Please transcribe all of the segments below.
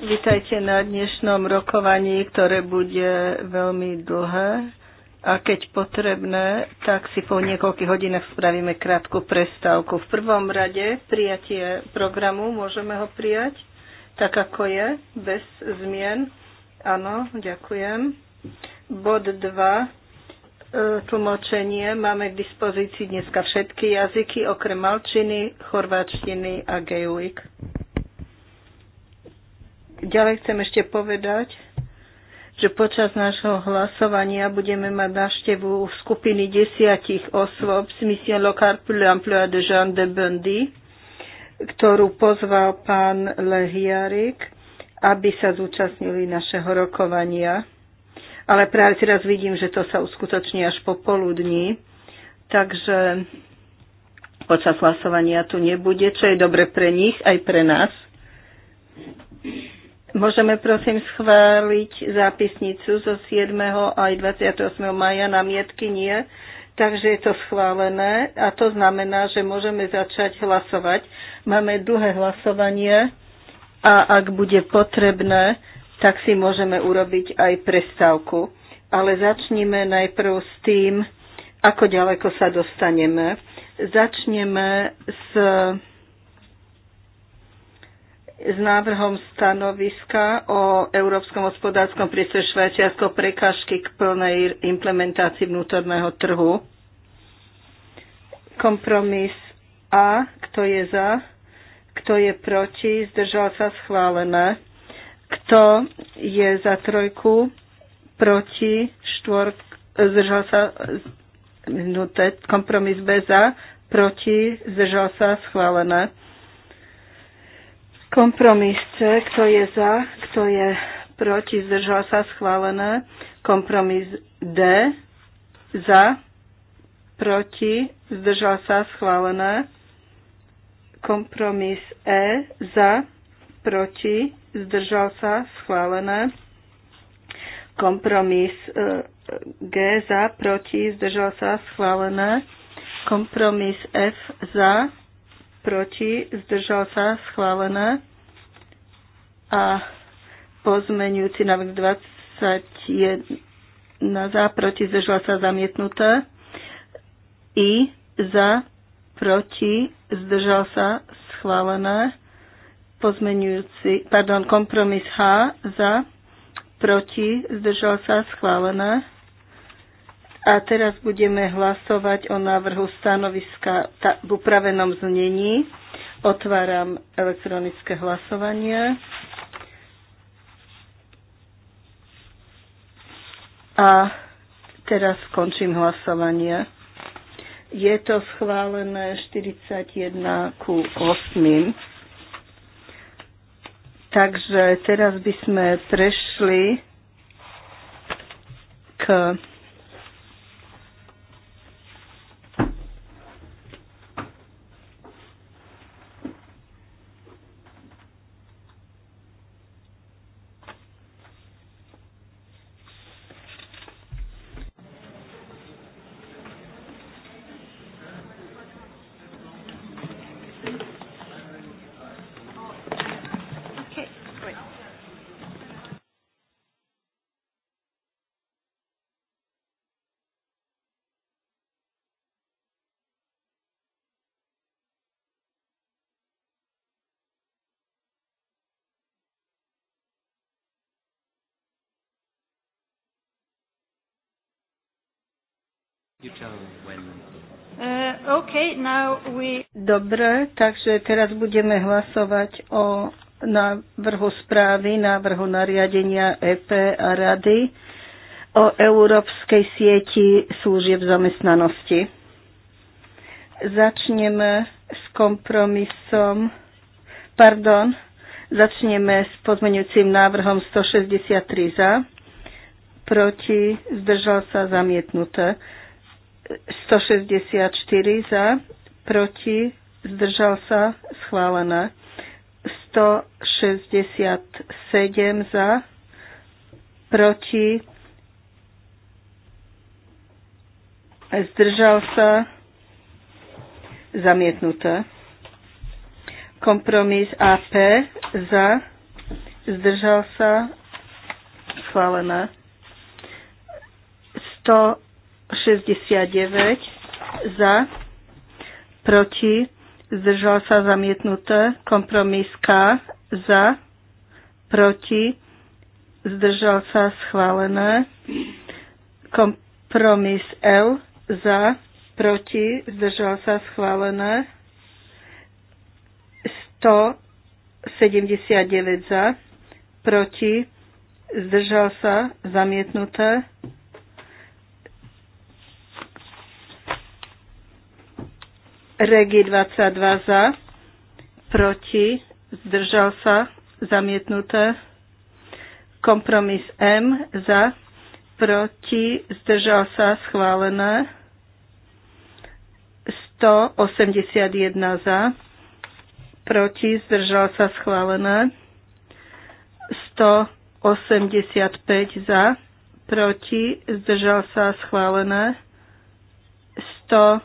Vítajte na dnešnom rokovaní, ktoré bude veľmi dlhé a keď potrebné, tak si po niekoľkých hodinách spravíme krátku prestávku. V prvom rade prijatie programu, môžeme ho prijať tak, ako je, bez zmien. Áno, ďakujem. Bod 2. E, tlmočenie máme k dispozícii dneska všetky jazyky, okrem malčiny, chorváčtiny a gejuik. Ďalej chcem ešte povedať, že počas nášho hlasovania budeme mať návštevu skupiny desiatich osôb z misie Local pour de Jean de Bundy, ktorú pozval pán Lehiarik, aby sa zúčastnili našeho rokovania. Ale práve teraz vidím, že to sa uskutoční až po poludní, takže počas hlasovania tu nebude, čo je dobre pre nich aj pre nás. Môžeme prosím schváliť zápisnicu zo 7. aj 28. maja na mietky nie, takže je to schválené a to znamená, že môžeme začať hlasovať. Máme dlhé hlasovanie a ak bude potrebné, tak si môžeme urobiť aj prestávku. Ale začnime najprv s tým, ako ďaleko sa dostaneme. Začneme s s návrhom stanoviska o Európskom hospodárskom priestore Švajčiarsko prekážky k plnej implementácii vnútorného trhu. Kompromis A, kto je za, kto je proti, zdržal sa schválené. Kto je za trojku, proti, štvork, zdržal sa kompromis B za, proti, zdržal sa schválené. Kompromis C, kto je za, kto je proti, zdržal sa schválené. Kompromis D, za, proti, zdržal sa schválené. Kompromis E, za, proti, zdržal sa schválené. Kompromis e, G, za, proti, zdržal sa schválené. Kompromis F, za, proti, zdržal sa, schválená A pozmenujúci návrh 21 za, proti, zdržal sa, zamietnutá I za, proti, zdržal sa, schválená, Pozmenujúci, pardon, kompromis H za, proti, zdržal sa, schválená. A teraz budeme hlasovať o návrhu stanoviska v upravenom znení. Otváram elektronické hlasovanie. A teraz končím hlasovanie. Je to schválené 41 ku 8. Takže teraz by sme prešli k Okay, now we... Dobre, takže teraz budeme hlasovať o návrhu správy, návrhu nariadenia EP a rady o európskej sieti služieb zamestnanosti. Začneme s kompromisom, pardon, začneme s pozmeňujúcim návrhom 163 za, proti, zdržal sa zamietnuté. 164 za, proti, zdržal sa, schválená. 167 za, proti, zdržal sa, zamietnuté. Kompromis AP za, zdržal sa, schválené. 100 69 za, proti, zdržal sa zamietnuté, kompromis K za, proti, zdržal sa schválené, kompromis L za, proti, zdržal sa schválené, 179 za, proti, zdržal sa zamietnuté, Regi 22 za, proti, zdržal sa, zamietnuté. Kompromis M za, proti, zdržal sa, schválené. 181 za, proti, zdržal sa, schválené. 185 za, proti, zdržal sa, schválené. 100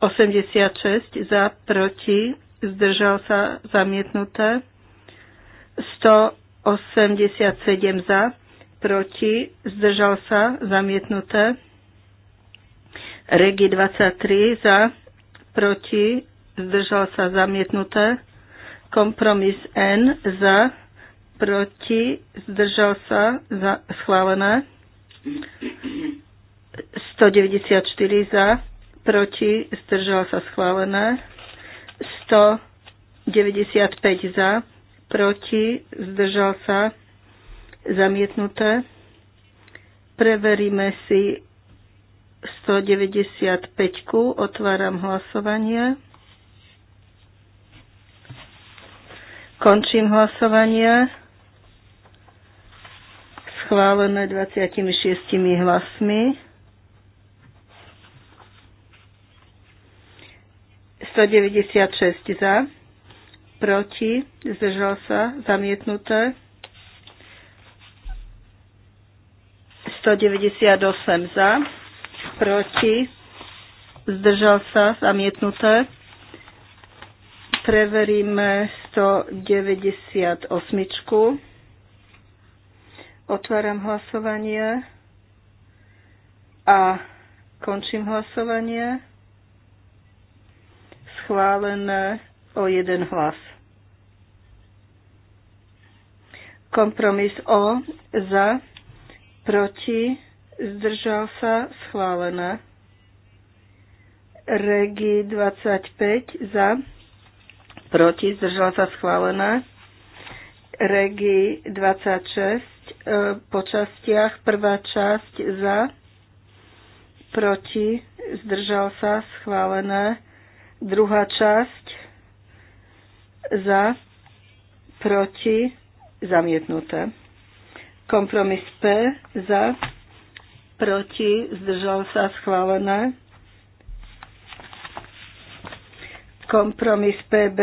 86 za, proti, zdržal sa zamietnuté. 187 za, proti, zdržal sa zamietnuté. Regi 23 za, proti, zdržal sa zamietnuté. Kompromis N za, proti, zdržal sa za, schválené. 194 za, proti, zdržal sa schválené. 195 za, proti, zdržal sa zamietnuté. Preveríme si 195. -ku. Otváram hlasovanie. Končím hlasovanie. Schválené 26 hlasmi. 196 za, proti, zdržal sa, zamietnuté. 198 za, proti, zdržal sa, zamietnuté. Preveríme 198. Otváram hlasovanie a končím hlasovanie schválené o jeden hlas. Kompromis O za, proti, zdržal sa, schválené. Regi 25 za, proti, zdržal sa, schválené. Regi 26 e, po častiach, prvá časť za, proti, zdržal sa, schválené Druhá časť za, proti, zamietnuté. Kompromis P za, proti, zdržal sa, schválené. Kompromis PB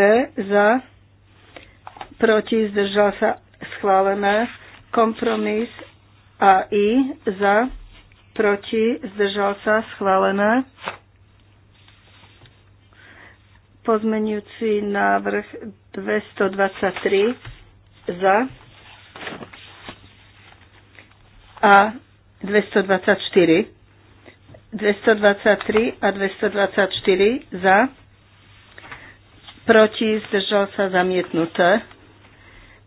za, proti, zdržal sa, schválené. Kompromis AI za, proti, zdržal sa, schválené. Pozmenujúci návrh 223 za a 224. 223 a 224 za. Proti zdržal sa zamietnuté.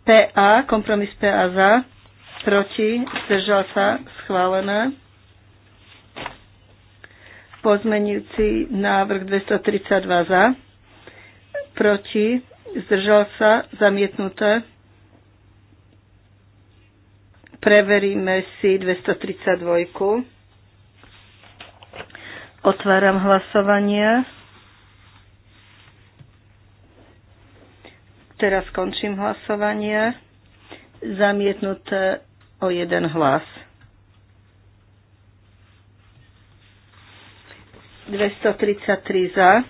PA, kompromis PA za. Proti zdržal sa schválené. Pozmenujúci návrh 232 za proti, zdržal sa, zamietnuté. Preveríme si 232. Otváram hlasovanie. Teraz končím hlasovanie. Zamietnuté o jeden hlas. 233 za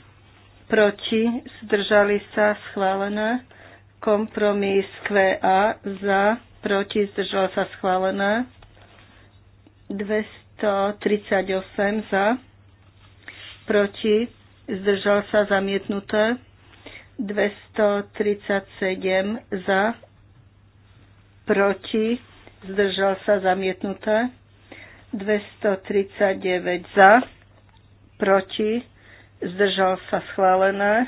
proti, zdržali sa, schválené. Kompromis QA, za, proti, zdržala sa, schválené. 238 za, proti, zdržal sa, zamietnuté. 237 za, proti, zdržal sa, zamietnuté. 239 za, proti, zdržal sa schválené,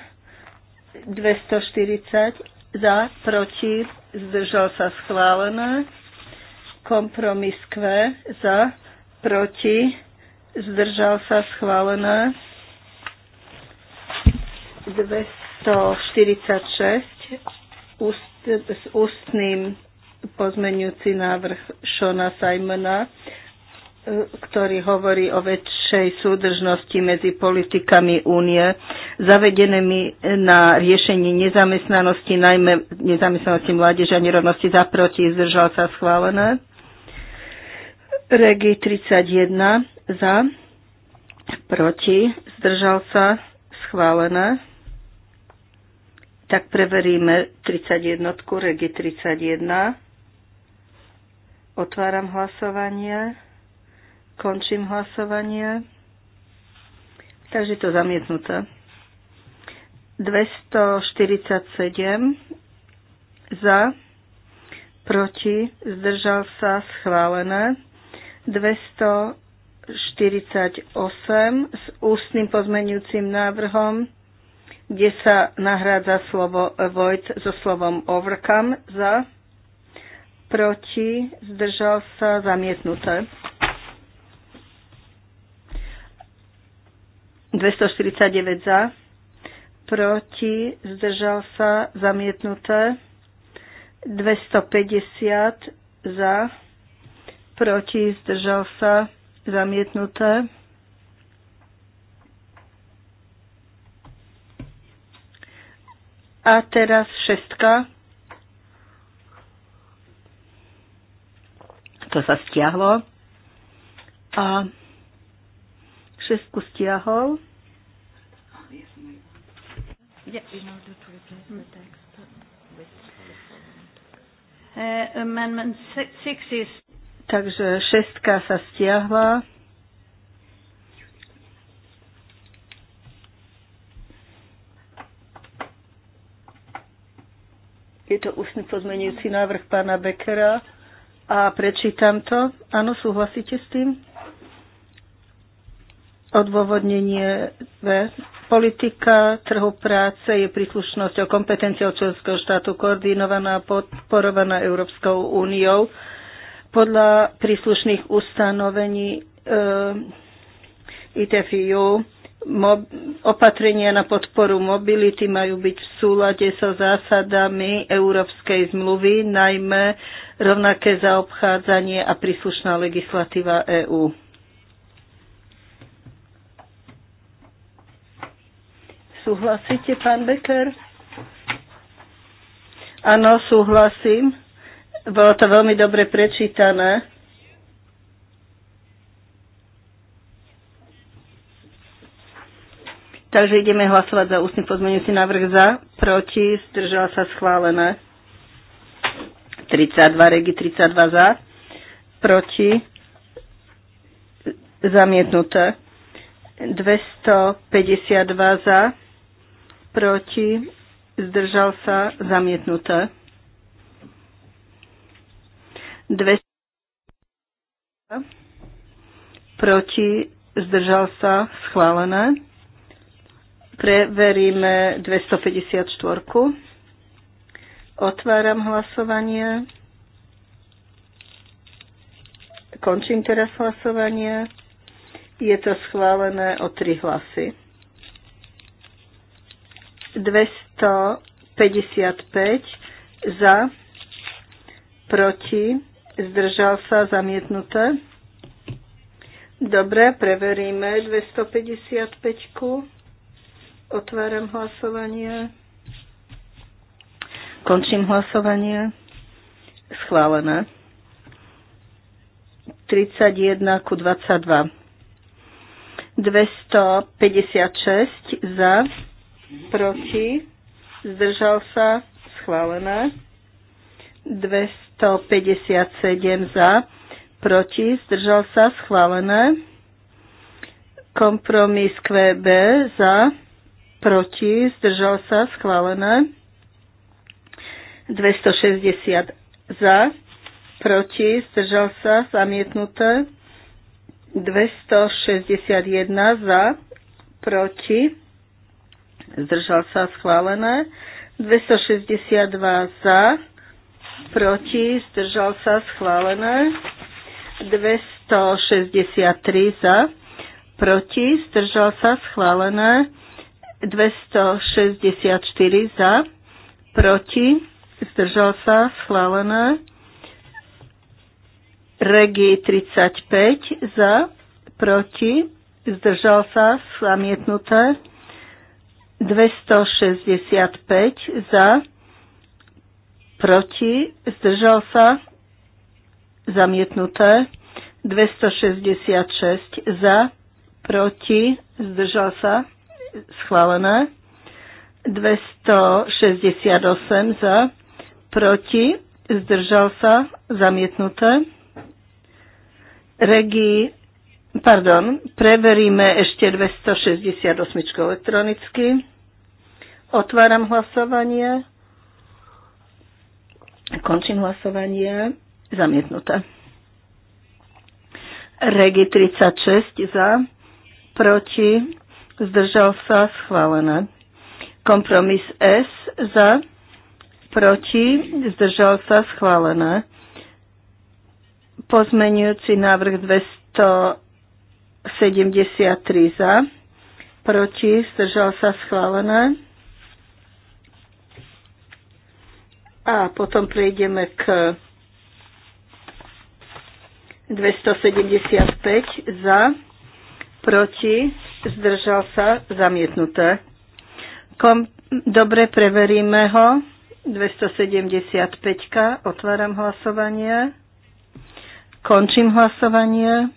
240 za, proti, zdržal sa schválené, kompromis Q za, proti, zdržal sa schválené, 246 úst, s ústným pozmenujúci návrh Šona Simona ktorý hovorí o väčšej súdržnosti medzi politikami únie, zavedenými na riešenie nezamestnanosti, najmä nezamestnanosti mládeže a nerovnosti za proti, zdržal sa schválené. Regi 31 za, proti, zdržal sa schválené. Tak preveríme 31, Regi 31. Otváram hlasovanie. Končím hlasovanie. Takže to zamietnuté. 247 za, proti, zdržal sa, schválené. 248 s ústnym pozmenujúcim návrhom, kde sa nahrádza slovo avoid so slovom overcome za, proti, zdržal sa, zamietnuté. 249 za, proti, zdržal sa, zamietnuté. 250 za, proti, zdržal sa, zamietnuté. A teraz šestka. To sa stiahlo. A šestku stiahol. Eh, Takže šestka sa stiahla. Je to ústny pozmenujúci návrh pána Bekera a prečítam to. Áno, súhlasíte s tým? odôvodnenie politika trhu práce je príslušnosťou kompetenciou členského štátu koordinovaná a podporovaná Európskou úniou podľa príslušných ustanovení e, eh, ITFIU. Mob, opatrenia na podporu mobility majú byť v súlade so zásadami Európskej zmluvy, najmä rovnaké zaobchádzanie a príslušná legislatíva EÚ. Súhlasíte, pán Becker? Áno, súhlasím. Bolo to veľmi dobre prečítané. Takže ideme hlasovať za ústny pozmeňujúci návrh za, proti, zdržala sa schválené. 32, regi 32 za, proti, zamietnuté. 252 za, proti, zdržal sa, zamietnuté. 200 proti, zdržal sa, schválené. Preveríme 254. Otváram hlasovanie. Končím teraz hlasovanie. Je to schválené o tri hlasy. 255 za, proti, zdržal sa, zamietnuté. Dobre, preveríme 255. -ku. Otváram hlasovanie. Končím hlasovanie. Schválené. 31 ku 22. 256 za proti, zdržal sa, schválené. 257 za, proti, zdržal sa, schválené. Kompromis QB za, proti, zdržal sa, schválené. 260 za, proti, zdržal sa, zamietnuté. 261 za, proti, zdržal sa schválené, 262 za, proti, zdržal sa schválené, 263 za, proti, zdržal sa schválené, 264 za, proti, zdržal sa schválené, Regi 35 za, proti, zdržal sa, zamietnuté. 265 za, proti, zdržal sa, zamietnuté. 266 za, proti, zdržal sa, schválené. 268 za, proti, zdržal sa, zamietnuté. Regi, pardon, preveríme ešte 268 elektronicky. Otváram hlasovanie. Končím hlasovanie. Zamietnuté. Regi 36 za, proti, zdržal sa, schválené. Kompromis S za, proti, zdržal sa, schválené. Pozmenujúci návrh 273 za, proti, zdržal sa, schválené. a potom prejdeme k 275 za, proti, zdržal sa, zamietnuté. Kom, dobre, preveríme ho. 275. Otváram hlasovanie. Končím hlasovanie.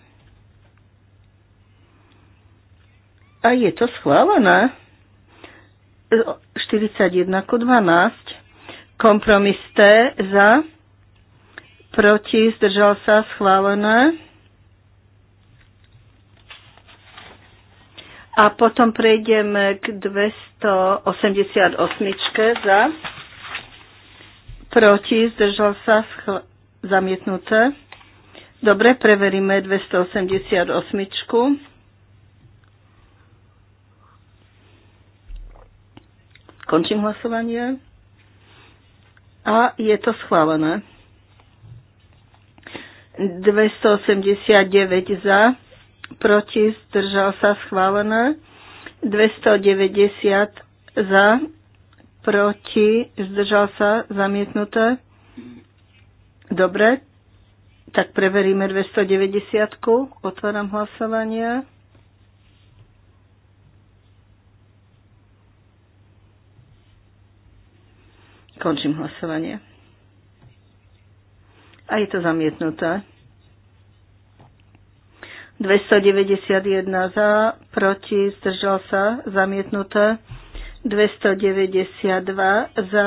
A je to schválené. 41 ku 12. Kompromis T za, proti, zdržal sa, schválené. A potom prejdeme k 288 za, proti, zdržal sa, zamietnuté. Dobre, preveríme 288. Končím hlasovanie. A je to schválené. 289 za, proti, zdržal sa schválené. 290 za, proti, zdržal sa, zamietnuté. Dobre, tak preveríme 290. -ku. Otváram hlasovanie. Končím hlasovanie. A je to zamietnuté. 291 za, proti, zdržal sa, zamietnuté. 292 za,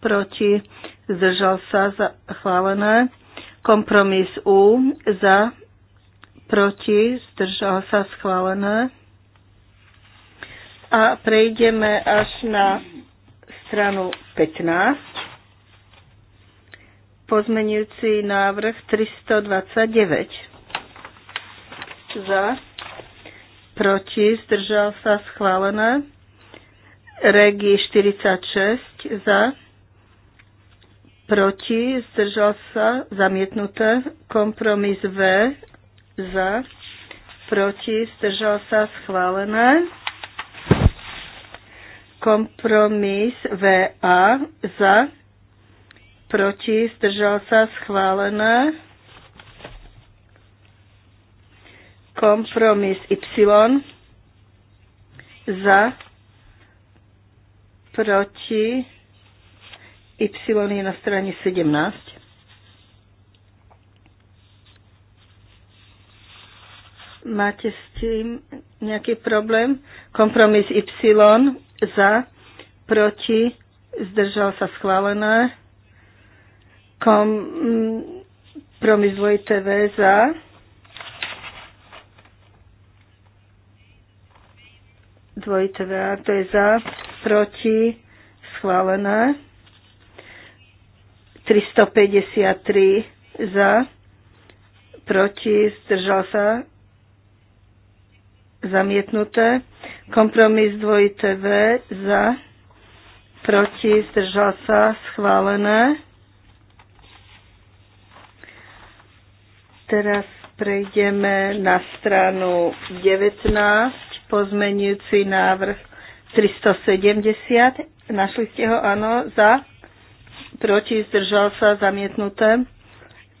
proti, zdržal sa, zachválené. Kompromis U za, proti, zdržal sa, schválené. A prejdeme až na stranu 15, pozmenujúci návrh 329. Za, proti, zdržal sa schválené. Regi 46 za, proti, zdržal sa, zamietnuté. Kompromis V za, proti, zdržal sa, schválené. Kompromis VA za, proti, zdržal sa, schválené. Kompromis Y za, proti, Y je na strane 17. Máte s tým nejaký problém. Kompromis Y za, proti, zdržal sa schválené. Kompromis VTV V za. Dvojité V, to je za, proti, schválené. 353 za, proti, zdržal sa, zamietnuté. Kompromis dvojité V za, proti, zdržal sa, schválené. Teraz prejdeme na stranu 19, pozmenujúci návrh 370. Našli ste ho, áno, za, proti, zdržal sa, zamietnuté.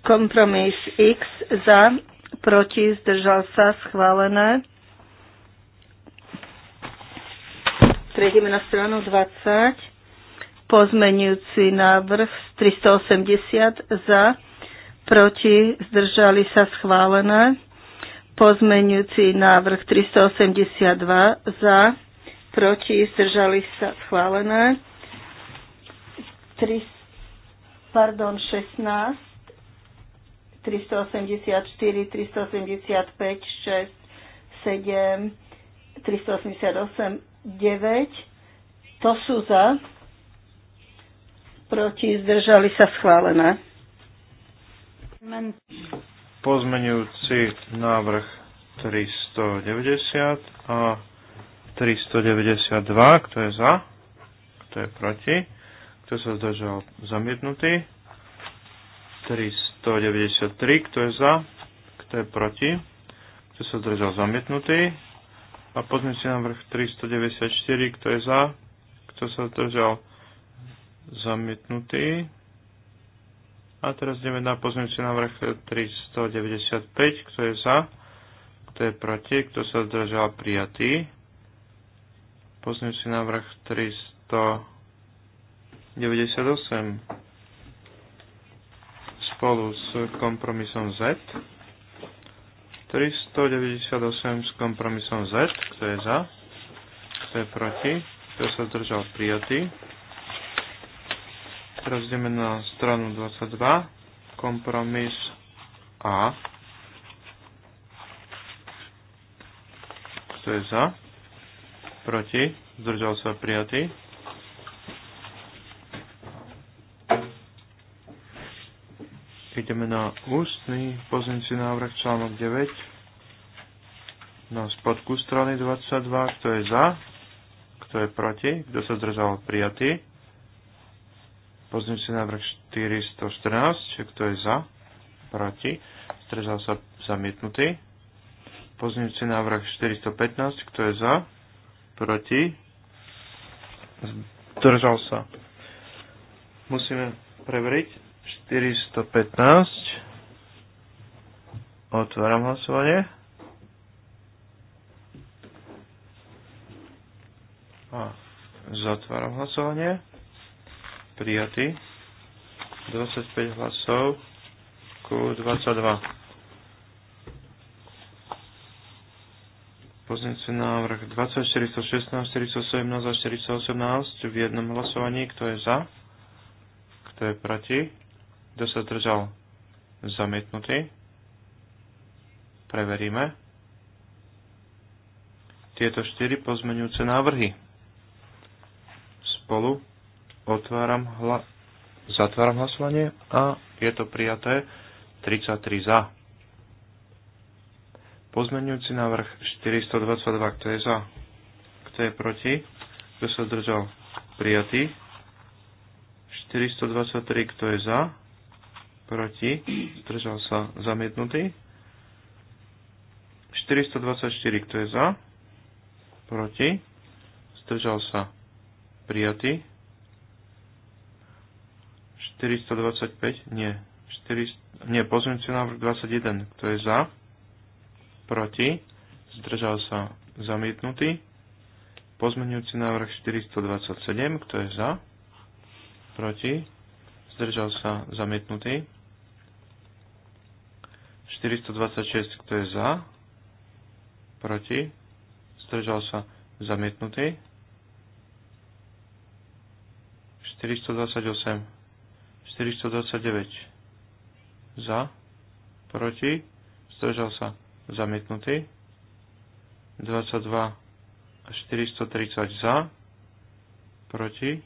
Kompromis X za, proti, zdržal sa, schválené. prejdeme na stranu 20. Pozmenujúci návrh 380 za, proti, zdržali sa schválené. Pozmenujúci návrh 382 za, proti, zdržali sa schválené. 3, pardon, 16, 384, 385, 6, 7, 388 9. To sú za. Proti zdržali sa schválené. Pozmenujúci návrh 390 a 392, kto je za, kto je proti, kto sa zdržal zamietnutý, 393, kto je za, kto je proti, kto sa zdržal zamietnutý, a pozmeňujúci vrch 394, kto je za, kto sa zdržal zamietnutý. A teraz ideme na pozmeňujúci vrch 395, kto je za, kto je proti, kto sa zdržal prijatý. Pozmeňujúci vrch 398 spolu s kompromisom Z. 398 s kompromisom Z, kto je za, kto je proti, kto sa zdržal prijatý. Teraz ideme na stranu 22, kompromis A. Kto je za? Proti? Zdržal sa prijatý. ideme na ústny pozemci návrh článok 9 na spodku strany 22, kto je za, kto je proti, kto sa zdržal prijatý. Pozemci návrh 414, kto je za, proti, zdržal sa zamietnutý. Pozemci návrh 415, kto je za, proti, zdržal sa. Musíme preveriť. 415. Otváram hlasovanie. A zatváram hlasovanie. Prijatý. 25 hlasov ku 22. si návrh 20, 416, 417 a 418 v jednom hlasovaní. Kto je za? Kto je proti? Kto sa držal Zamietnutý. Preveríme. Tieto štyri pozmenujúce návrhy. Spolu otváram hla... zatváram hlasovanie a je to prijaté 33 za. Pozmenujúci návrh 422, kto je za? Kto je proti? Kto sa zdržal? Prijatý. 423, kto je za? proti, zdržal sa zamietnutý. 424, kto je za, proti, zdržal sa prijatý. 425, nie, 400, nie, pozmeňujúci návrh 21, kto je za, proti, zdržal sa zamietnutý. Pozmeňujúci návrh 427, kto je za, proti, zdržal sa zamietnutý. 426, kto je za, proti, zdržal sa zamietnutý. 428, 429, za, proti, zdržal sa zamietnutý. 22 a 430 za, proti,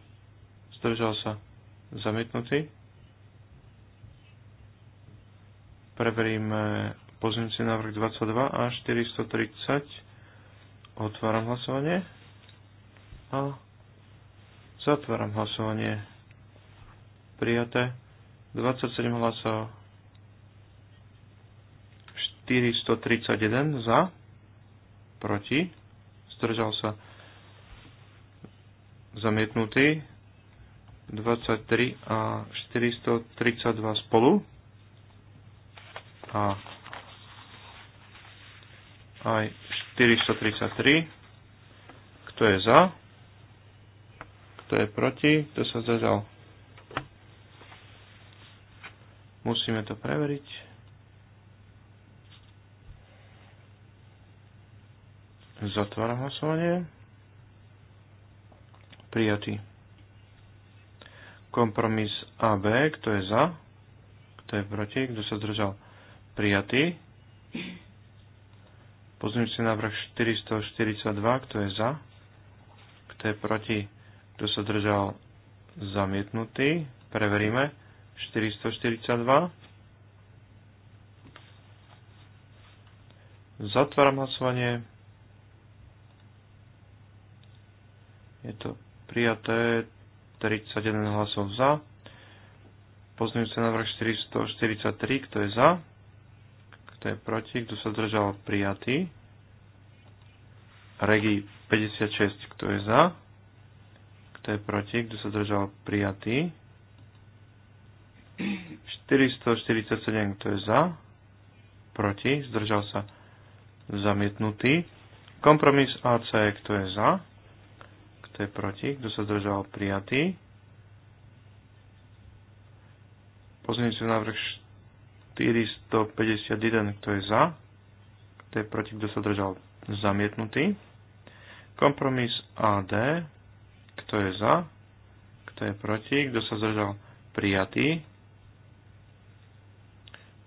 zdržal sa zamietnutý. Preberíme pozemci návrh 22 a 430. Otváram hlasovanie. A zatváram hlasovanie. Prijaté. 27 hlasov. 431 za. Proti. Zdržal sa. Zamietnutý. 23 a 432 spolu a aj 433. Kto je za? Kto je proti? Kto sa zdržal? Musíme to preveriť. Zatváram hlasovanie. Prijatý. Kompromis AB. Kto je za? Kto je proti? Kto sa zdržal? prijatý. na návrh 442, kto je za, kto je proti, kto sa držal zamietnutý. Preveríme. 442. Zatváram hlasovanie. Je to prijaté 31 hlasov za. na vrch 443, kto je za? kto je proti, kto sa držal prijatý. Regi 56, kto je za, kto je proti, kto sa držal prijatý. 447, kto je za, proti, zdržal sa zamietnutý. Kompromis AC, kto je za, kto je proti, kto sa zdržal prijatý. Pozmeňujúci návrh 451, kto je za, kto je proti, kto sa držal, zamietnutý. Kompromis AD, kto je za, kto je proti, kto sa zdržal, prijatý.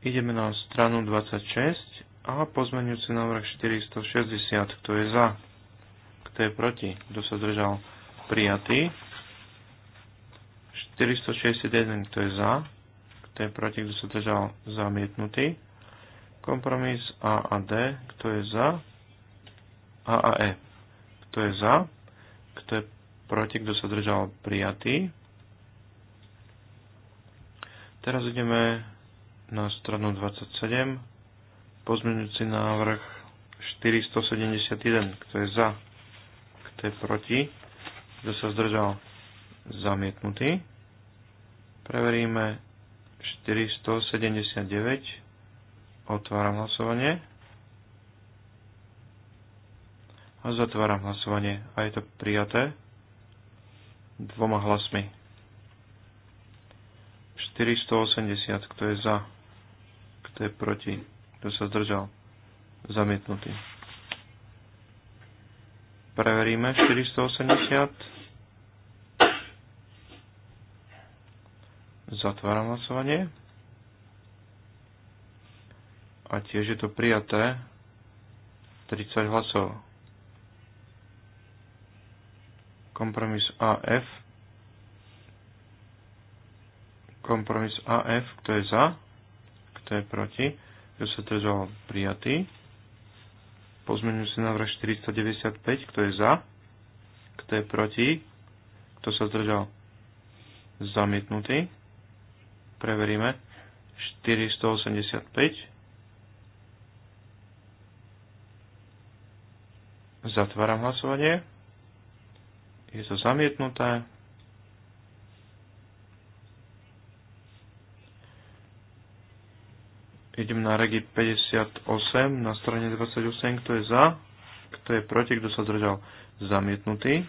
Ideme na stranu 26 a pozmeňujúci návrh 460, kto je za, kto je proti, kto sa zdržal, prijatý. 461, kto je za, kto je proti, kto sa držal, zamietnutý. Kompromis A a D, kto je za, A a E, kto je za, kto je proti, kto sa držal, prijatý. Teraz ideme na stranu 27, pozmeňujúci návrh 471, kto je za, kto je proti, kto sa zdržal, zamietnutý. Preveríme 479. Otváram hlasovanie. A zatváram hlasovanie. A je to prijaté dvoma hlasmi. 480. Kto je za? Kto je proti? Kto sa zdržal? Zamietnutý. Preveríme 480. Zatváram hlasovanie. A tiež je to prijaté 30 hlasov. Kompromis AF. Kompromis AF, kto je za, kto je proti, kto sa držal prijatý. Pozmeňujúci návrh 495, kto je za, kto je proti, kto sa zdržal zamietnutý. Preveríme. 485. Zatváram hlasovanie. Je to zamietnuté. Idem na regi 58 na strane 28, kto je za, kto je proti, kto sa zdržal zamietnutý.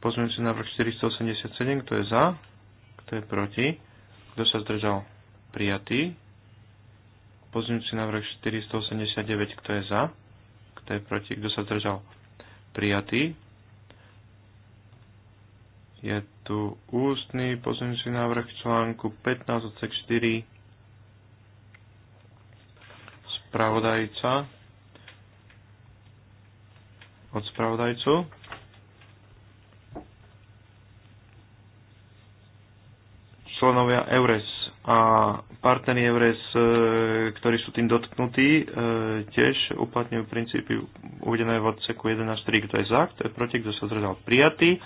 na návrh 487, kto je za, kto je proti? Kto sa zdržal? Prijatý. Pozmeňujúci návrh 489. Kto je za? Kto je proti? Kto sa zdržal? Prijatý. Je tu ústny pozmeňujúci návrh článku 15 odsek 4. Spravodajca od spravodajcu členovia EURES a partneri EURES, e, ktorí sú tým dotknutí, e, tiež uplatňujú princípy uvedené v odseku 11.3. Kto je za, kto je proti, kto sa zdržal prijatý.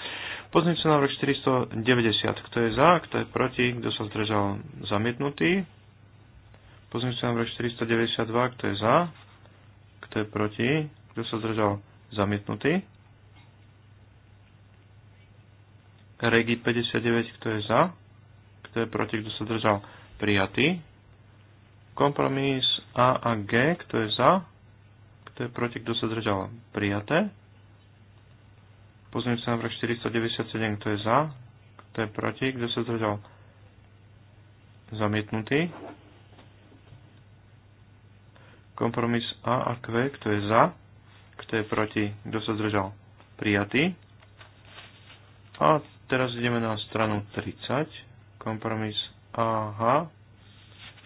Pozrite sa návrh 490. Kto je za, kto je proti, kto sa zdržal zamietnutý. Pozrite sa návrh 492. Kto je za, kto je proti, kto sa zdržal zamietnutý. Regi 59, kto je za? kto je proti, kto sa držal, prijatý. Kompromis A a G, kto je za, kto je proti, kto sa držal, prijaté. Pozmeňujúci návrh 497, kto je za, kto je proti, kto sa držal, zamietnutý. Kompromis A a Q, kto je za, kto je proti, kto sa zdržal, prijatý. A teraz ideme na stranu 30. Kompromis aha,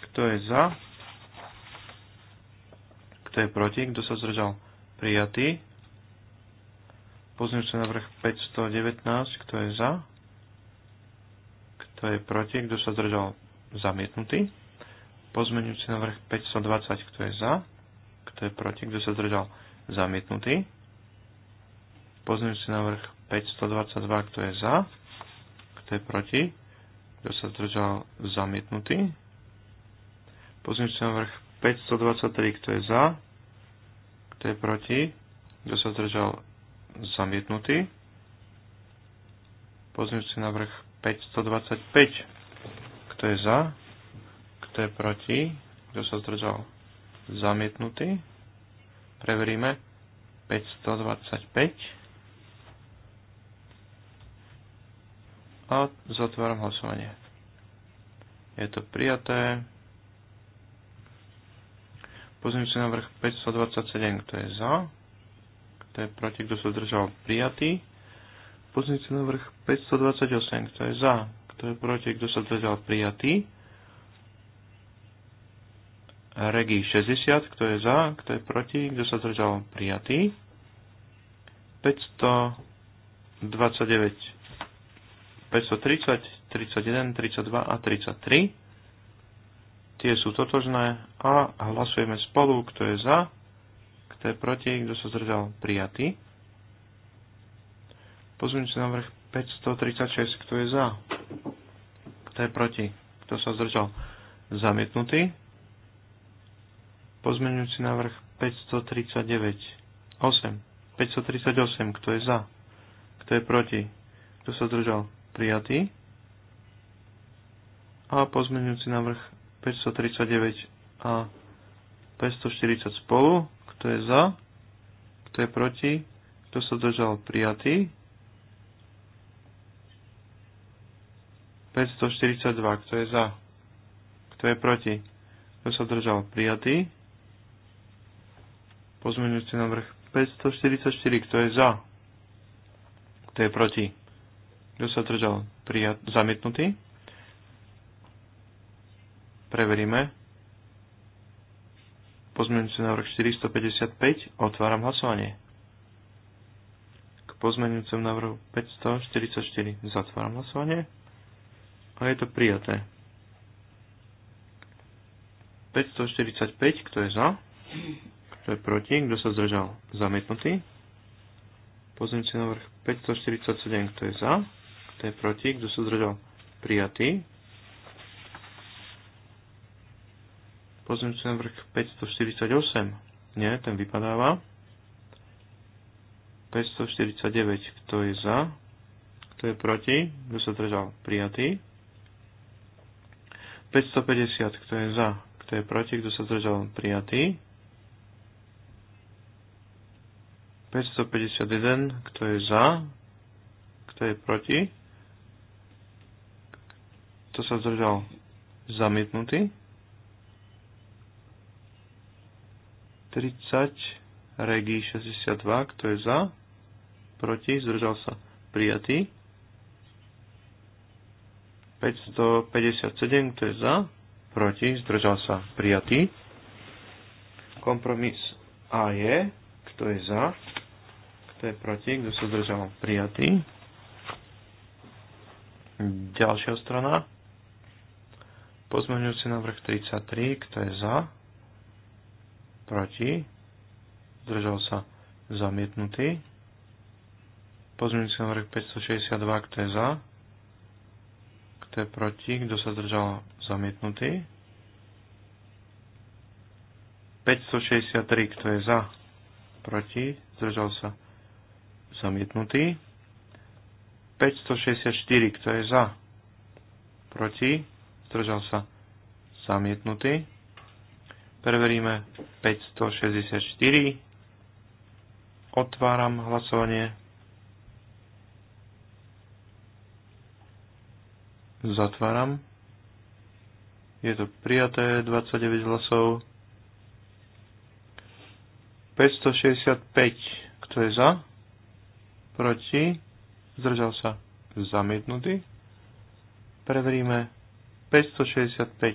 Kto je za? Kto je proti? Kto sa zdržal? Prijatý. na vrch 519. Kto je za? Kto je proti? Kto sa zdržal? Zamietnutý. Pozmeňujúci návrh 520. Kto je za? Kto je proti? Kto sa zdržal? Zamietnutý. Pozmeňujúci návrh 522. Kto je za? Kto je proti? ktorý sa zdržal zamietnutý. Pozmeňujúci návrh 523, kto je za, kto je proti, kto sa zdržal zamietnutý. Pozmeňujúci návrh 525, kto je za, kto je proti, kto sa zdržal zamietnutý. Preveríme 525. A zatváram hlasovanie. Je to prijaté. Pozmeňujúci návrh 527, kto je za, kto je proti, kto sa zdržal, prijatý. Pozmeňujúci návrh 528, kto je za, kto je proti, kto sa zdržal, prijatý. Regi 60, kto je za, kto je proti, kto sa zdržal, prijatý. 529 530, 31, 32 a 33. Tie sú totožné a hlasujeme spolu, kto je za, kto je proti, kto sa zdržal prijatý. Pozmeňujúci návrh 536, kto je za, kto je proti, kto sa zdržal zamietnutý. Pozmeňujúci návrh 539, 8, 538, kto je za, kto je proti, kto sa zdržal prijatý. A pozmeňujúci návrh 539 a 540 spolu, kto je za, kto je proti, kto sa držal prijatý. 542, kto je za, kto je proti, kto sa držal prijatý. Pozmeňujúci návrh 544, kto je za, kto je proti kto sa zdržal? Prijat, zamietnutý. Preveríme. Pozmeňujúci návrh 455. Otváram hlasovanie. K sa návrhu 544. Zatváram hlasovanie. A je to prijaté. 545. Kto je za? Kto je proti? Kto sa zdržal? Zamietnutý. Pozmeňujúci návrh 547. Kto je za? kto je proti, kto sa zdržal prijatý. na vrch 548. Nie, ten vypadáva. 549, kto je za, kto je proti, kto sa zdržal prijatý. 550, kto je za, kto je proti, kto sa zdržal prijatý. 551, kto je za, kto je proti, to sa zdržal? Zamietnutý. 30, Regi 62, kto je za? Proti, zdržal sa. Prijatý. 557, kto je za? Proti, zdržal sa. Prijatý. Kompromis A je, kto je za? Kto je proti, kto sa zdržal? Prijatý. Ďalšia strana. Pozmeňujúci návrh 33, kto je za? Proti? Zdržal sa zamietnutý. Pozmeňujúci návrh 562, kto je za? Kto je proti? Kto sa zdržal zamietnutý? 563, kto je za? Proti? Zdržal sa zamietnutý. 564, kto je za? Proti? zdržal sa zamietnutý. Preveríme 564. Otváram hlasovanie. Zatváram. Je to prijaté 29 hlasov. 565. Kto je za? Proti? Zdržal sa. Zamietnutý. Preveríme 565.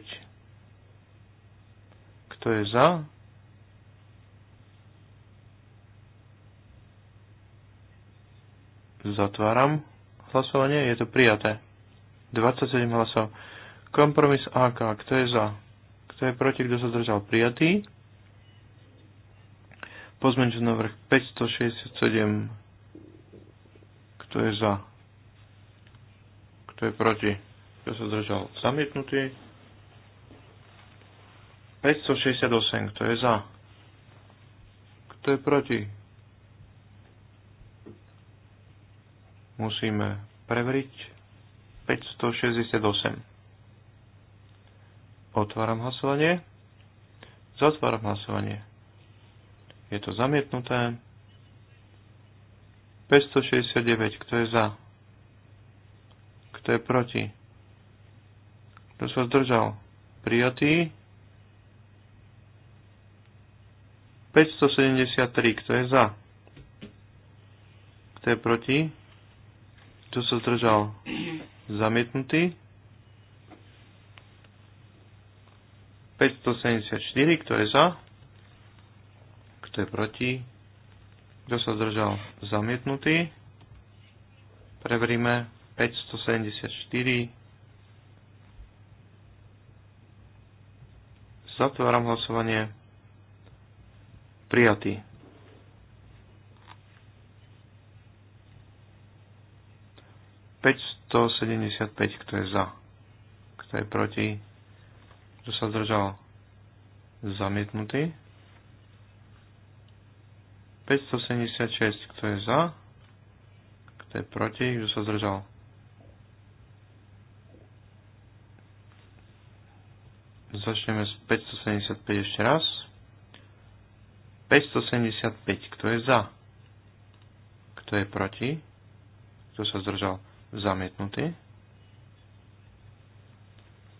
Kto je za? Zatváram hlasovanie. Je to prijaté. 27 hlasov. Kompromis AK. Kto je za? Kto je proti? Kto sa držal? Prijatý. Pozmeňte návrh 567. Kto je za? Kto je proti? kto sa zdržal, zamietnutý. 568, kto je za, kto je proti. Musíme preveriť 568. Otváram hlasovanie. Zatváram hlasovanie. Je to zamietnuté. 569, kto je za? Kto je proti? Kto sa zdržal? Prijatý. 573. Kto je za? Kto je proti? Kto sa zdržal? Zamietnutý. 574. Kto je za? Kto je proti? Kto sa zdržal? Zamietnutý. Preveríme 574. Zatváram hlasovanie. Prijatý. Päťsto kto je za, kto je proti, kto sa zdržal, zamietnutý. 576, kto je za, kto je proti, kto sa zdržal, Začneme s 575 ešte raz. 575, kto je za? Kto je proti? Kto sa zdržal? Zamietnutý.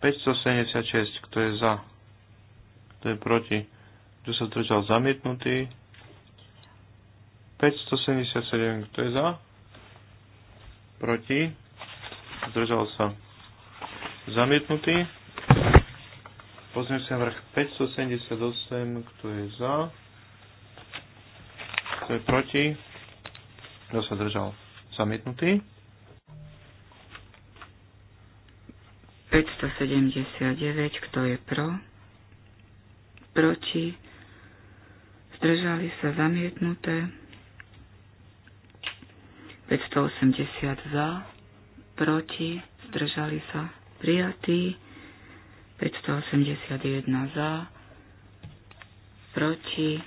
576, kto je za? Kto je proti? Kto sa zdržal? Zamietnutý. 577, kto je za? Proti? Zdržal sa. Zamietnutý. Pozrieme sa vrch 578, kto je za, kto je proti, kto sa držal zamietnutý. 579, kto je pro, proti, zdržali sa zamietnuté, 580 za, proti, zdržali sa prijatí, 581 za, proti,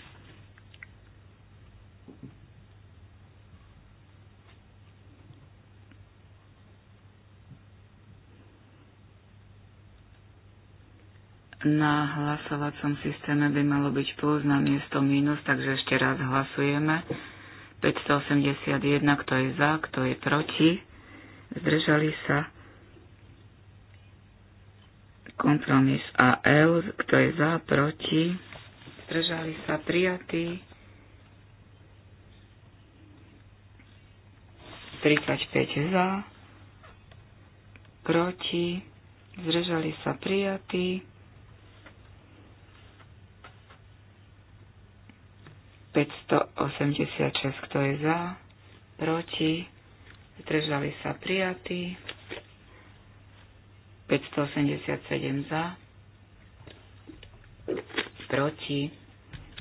Na hlasovacom systéme by malo byť plus na miesto minus, takže ešte raz hlasujeme. 581, kto je za, kto je proti. Zdržali sa Kompromis a eu, kto je za, proti, zdržali sa prijatí. 35 za, proti, zdržali sa prijatí. 586, kto je za, proti, zdržali sa prijatí. 587 za, proti,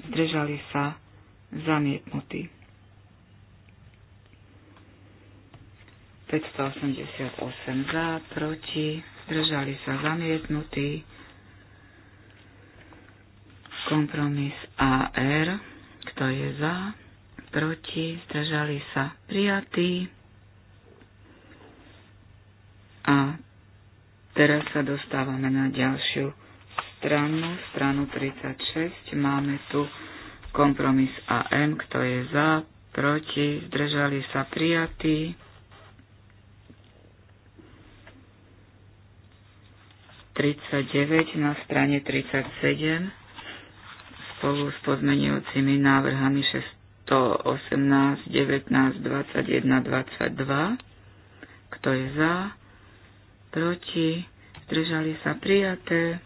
zdržali sa, zamietnutí. 588 za, proti, zdržali sa, zamietnutí. Kompromis AR, kto je za, proti, zdržali sa, prijatí. A Teraz sa dostávame na ďalšiu stranu, stranu 36. Máme tu kompromis AM, kto je za, proti, zdržali sa prijatí. na strane 37 spolu s pozmenujúcimi návrhami 618, 19, 21, 22. Kto je za? proti, zdržali sa prijaté.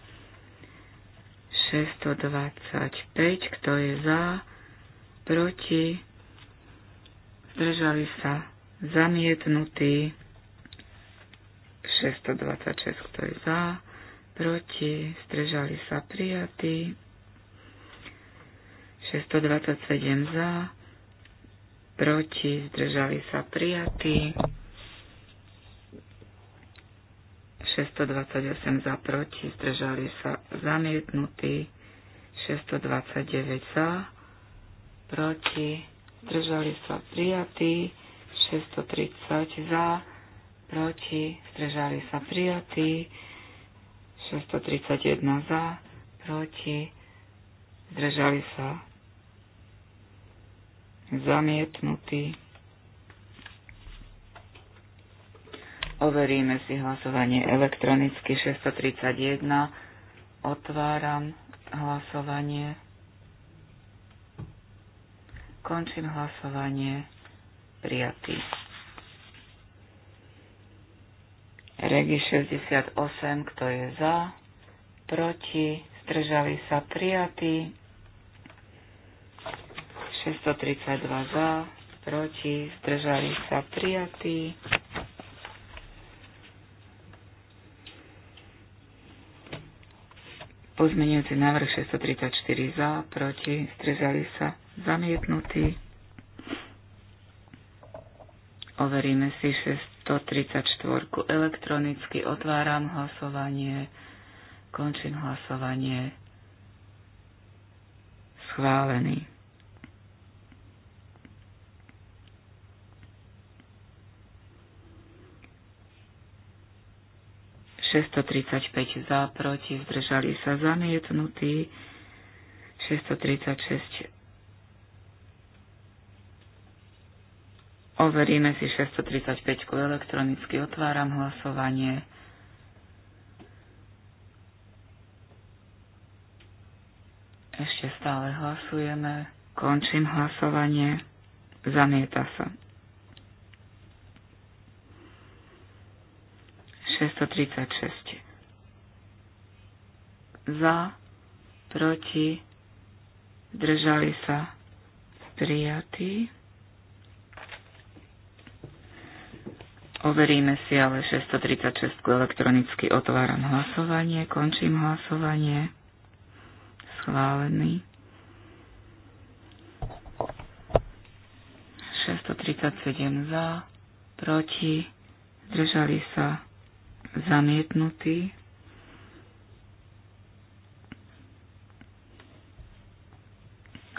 625, kto je za, proti, zdržali sa zamietnutí. 626, kto je za, proti, zdržali sa prijatí. 627 za, proti, zdržali sa prijatí. 628 za proti, zdržali sa zamietnutí, 629 za, proti, zdržali sa prijatí, 630 za, proti, zdržali sa prijatí, 631 za, proti, zdržali sa zamietnutí. Overíme si hlasovanie elektronicky 631. Otváram hlasovanie. Končím hlasovanie. Prijatý. Regi 68, kto je za, proti, stržali sa prijatí. 632 za, proti, zdržali sa prijatí. Pozmenujúci návrh 634 za, proti, strezali sa, zamietnutý. Overíme si 634 elektronicky, otváram hlasovanie, končím hlasovanie. Schválený. 635 za, proti, zdržali sa zamietnutí. 636 Overíme si 635 elektronicky. Otváram hlasovanie. Ešte stále hlasujeme. Končím hlasovanie. Zamieta sa. 636. Za, proti, zdržali sa prijatí. Overíme si ale 636 elektronicky. Otváram hlasovanie, končím hlasovanie. Schválený. 637 za, proti, zdržali sa zamietnutý.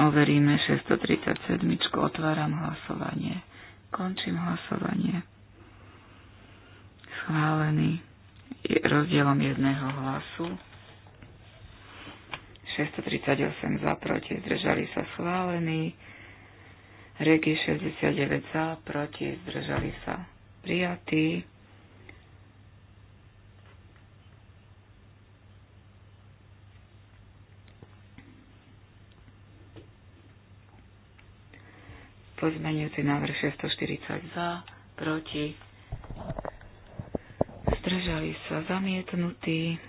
Overíme 637. Otváram hlasovanie. Končím hlasovanie. Schválený rozdielom jedného hlasu. 638 za, proti, zdržali sa schválení. Regi 69 za, proti, zdržali sa prijatí. pozmeňujúci návrh 640 za, proti, zdržali sa zamietnutí.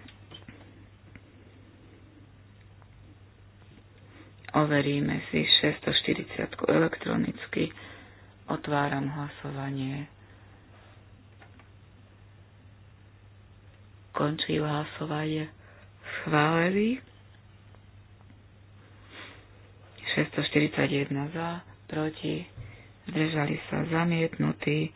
Overíme si 640 elektronicky. Otváram hlasovanie. Končí hlasovanie. Schválili. 641 za proti, zdržali sa zamietnutí.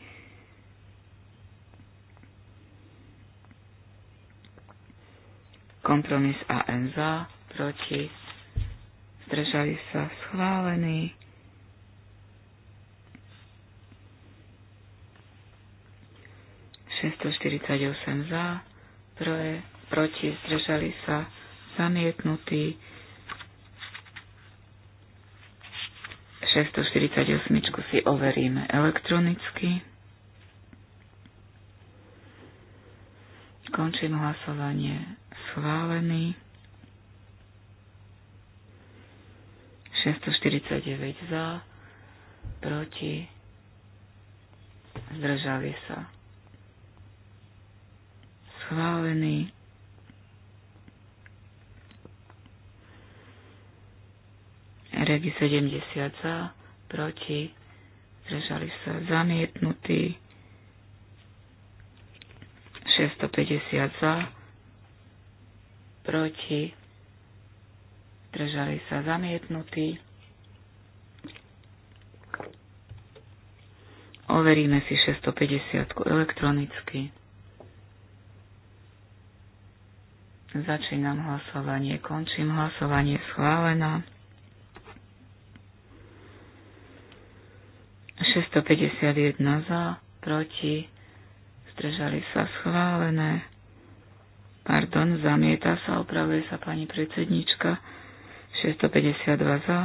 Kompromis a za, proti, zdržali sa schválení. Šesťsto za, proje. proti, zdržali sa zamietnutí. 648 si overíme elektronicky. Končím hlasovanie schválený. 649 za, proti, zdržali sa. Schválený. Regi 70 za, proti, zdržali sa zamietnutí, 650 za, proti, zdržali sa zamietnutí. Overíme si 650 elektronicky. Začínam hlasovanie, končím hlasovanie, schválená. 651 za, proti, zdržali sa schválené. Pardon, zamieta sa, opravuje sa pani predsednička. 652 za,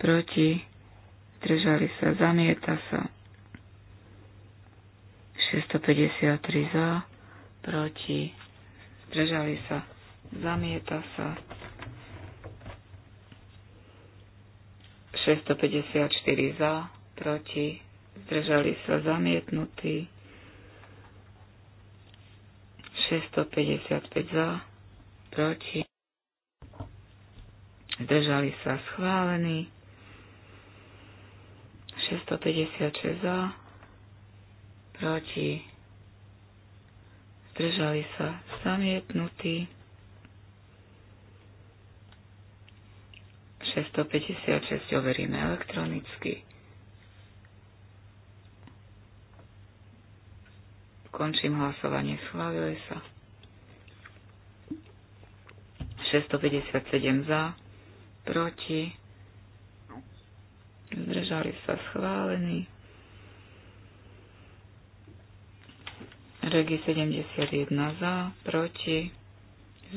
proti, zdržali sa, zamieta sa. 653 za, proti, zdržali sa, zamieta sa. 654 za, proti, zdržali sa zamietnutí, 655 za, proti, zdržali sa schválení, 656 za, proti, zdržali sa zamietnutí, 656 overíme elektronicky. Končím hlasovanie. Schválili sa. 657 za, proti, zdržali sa schválení. Regi 71 za, proti,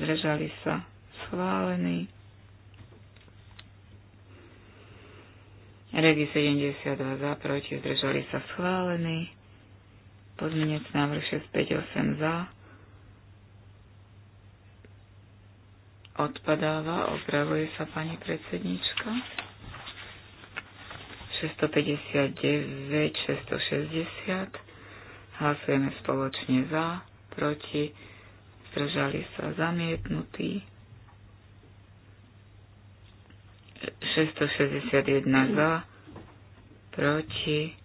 zdržali sa schválení. Regi 72 za, proti, zdržali sa schválení. Podmienec návrh 658 za. Odpadáva, opravuje sa pani predsednička. 659, 660. Hlasujeme spoločne za, proti, zdržali sa zamietnutí. 661 za, proti,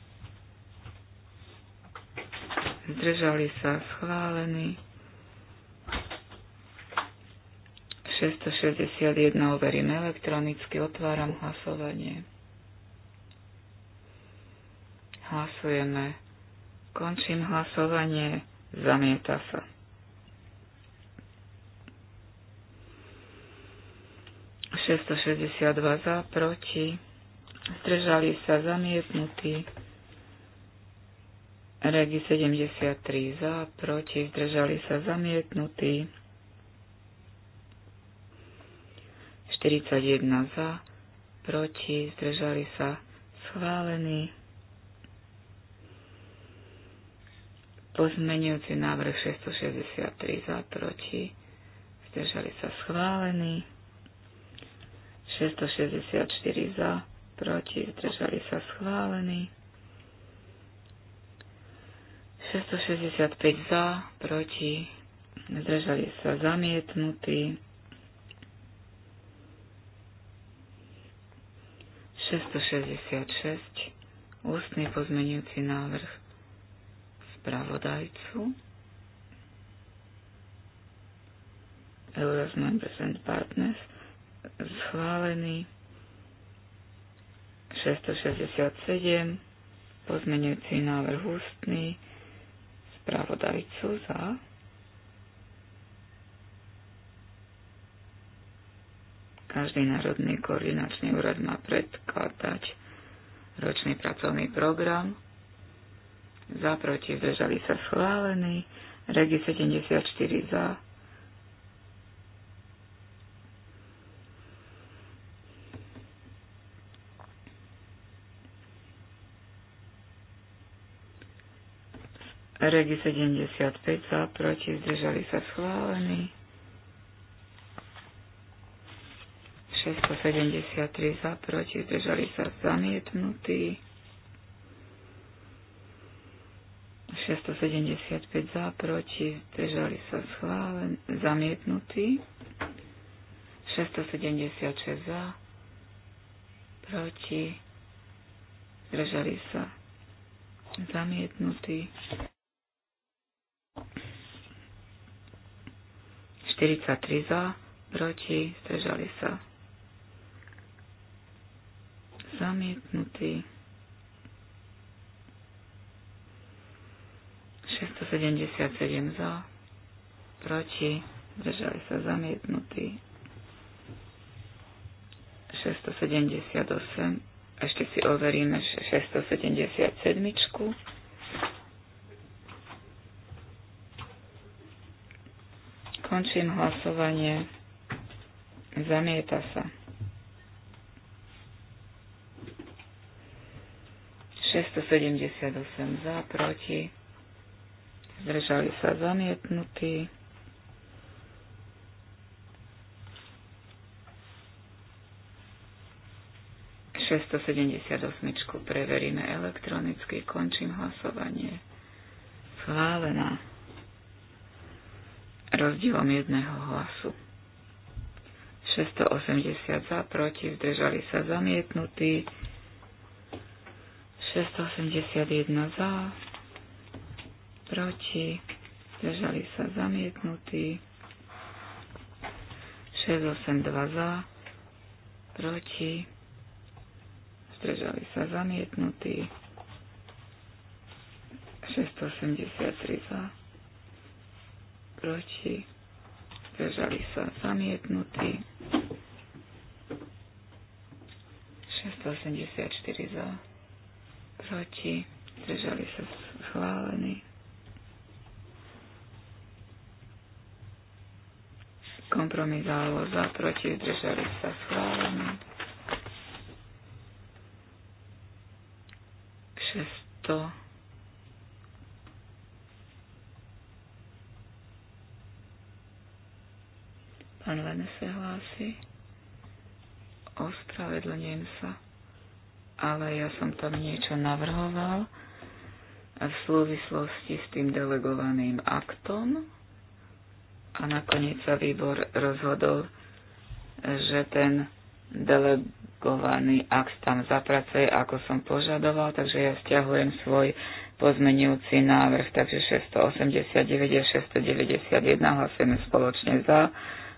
zdržali sa schválení. 661 overím elektronicky, otváram hlasovanie. Hlasujeme. Končím hlasovanie, zamieta sa. dva za, proti, zdržali sa zamietnutí. Regi 73 za, proti, zdržali sa zamietnutí. 41 za, proti, zdržali sa schválení. Pozmenujúci návrh 663 za, proti, zdržali sa schválení. 664 za, proti, zdržali sa schválení. 665 za, proti, zdržali sa zamietnutí. 666 ústny pozmenujúci návrh spravodajcu Euras Members and Partners schválený 667 pozmenujúci návrh ústny spravodajcu za Každý národný koordinačný úrad má predkladať ročný pracovný program. Za proti zdržali sa schválený, regi 74 za, Regi 75 za, proti, zdržali sa schválení. 673 za, proti, zdržali sa zamietnutí. 675 za, proti, zdržali sa schválen, zamietnutí. 676 za, proti, zdržali sa zamietnutí. 43 za, proti, zdržali sa. Zamietnutý. 677 za, proti, zdržali sa zamietnutý. 678, ešte si overíme 677. Končím hlasovanie. Zamieta sa. 678 za, proti. Zdržali sa zamietnutí. Šesto sedemdesiat osmičku preveríme elektronicky. Končím hlasovanie. Schválená rozdielom jedného hlasu. 680 za, proti, zdržali sa zamietnutí. 681 za, proti, zdržali sa zamietnutí. 682 za, proti, zdržali sa zamietnutí. 683 za, proti, držali sa zamietnutí. 684 za, proti, držali sa schválení. Kompromis alebo za, proti, držali sa schválení. 600 Pán Lene se hlási. Ospravedlňujem sa. Ale ja som tam niečo navrhoval v súvislosti s tým delegovaným aktom a nakoniec sa výbor rozhodol, že ten delegovaný akt tam zapracuje, ako som požadoval, takže ja stiahujem svoj pozmenujúci návrh, takže 689 a 691 hlasujeme spoločne za,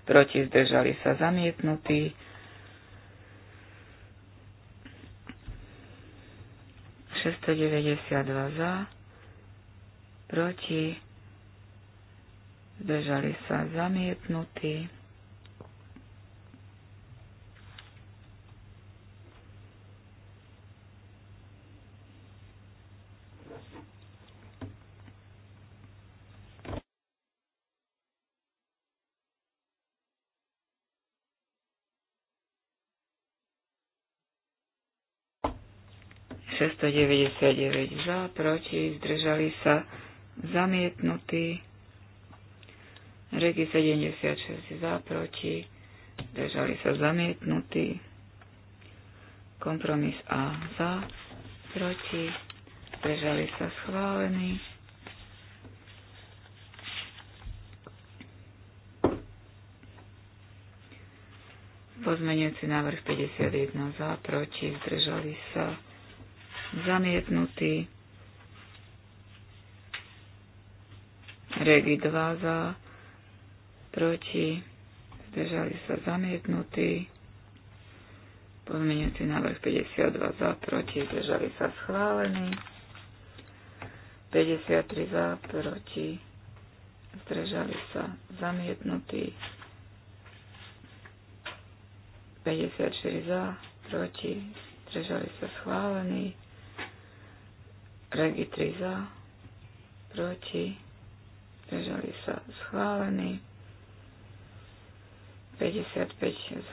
proti zdržali sa zamietnutí. Šesto za, proti zdržali sa zamietnutí. 199 za, proti, zdržali sa, zamietnutí. Regi 76 za, proti, zdržali sa, zamietnutí. Kompromis A za, proti, zdržali sa, schválení. Pozmeniaci návrh 51 za, proti, zdržali sa, zamietnutý. Regi 2 za, proti, zdržali sa zamietnutý. Pozmeňujúci návrh 52 za, proti, zdržali sa schválený. 53 za, proti, zdržali sa zamietnutý. 54 za, proti, zdržali sa schválený. Regi 3 za, proti, zdržali sa schválení. 55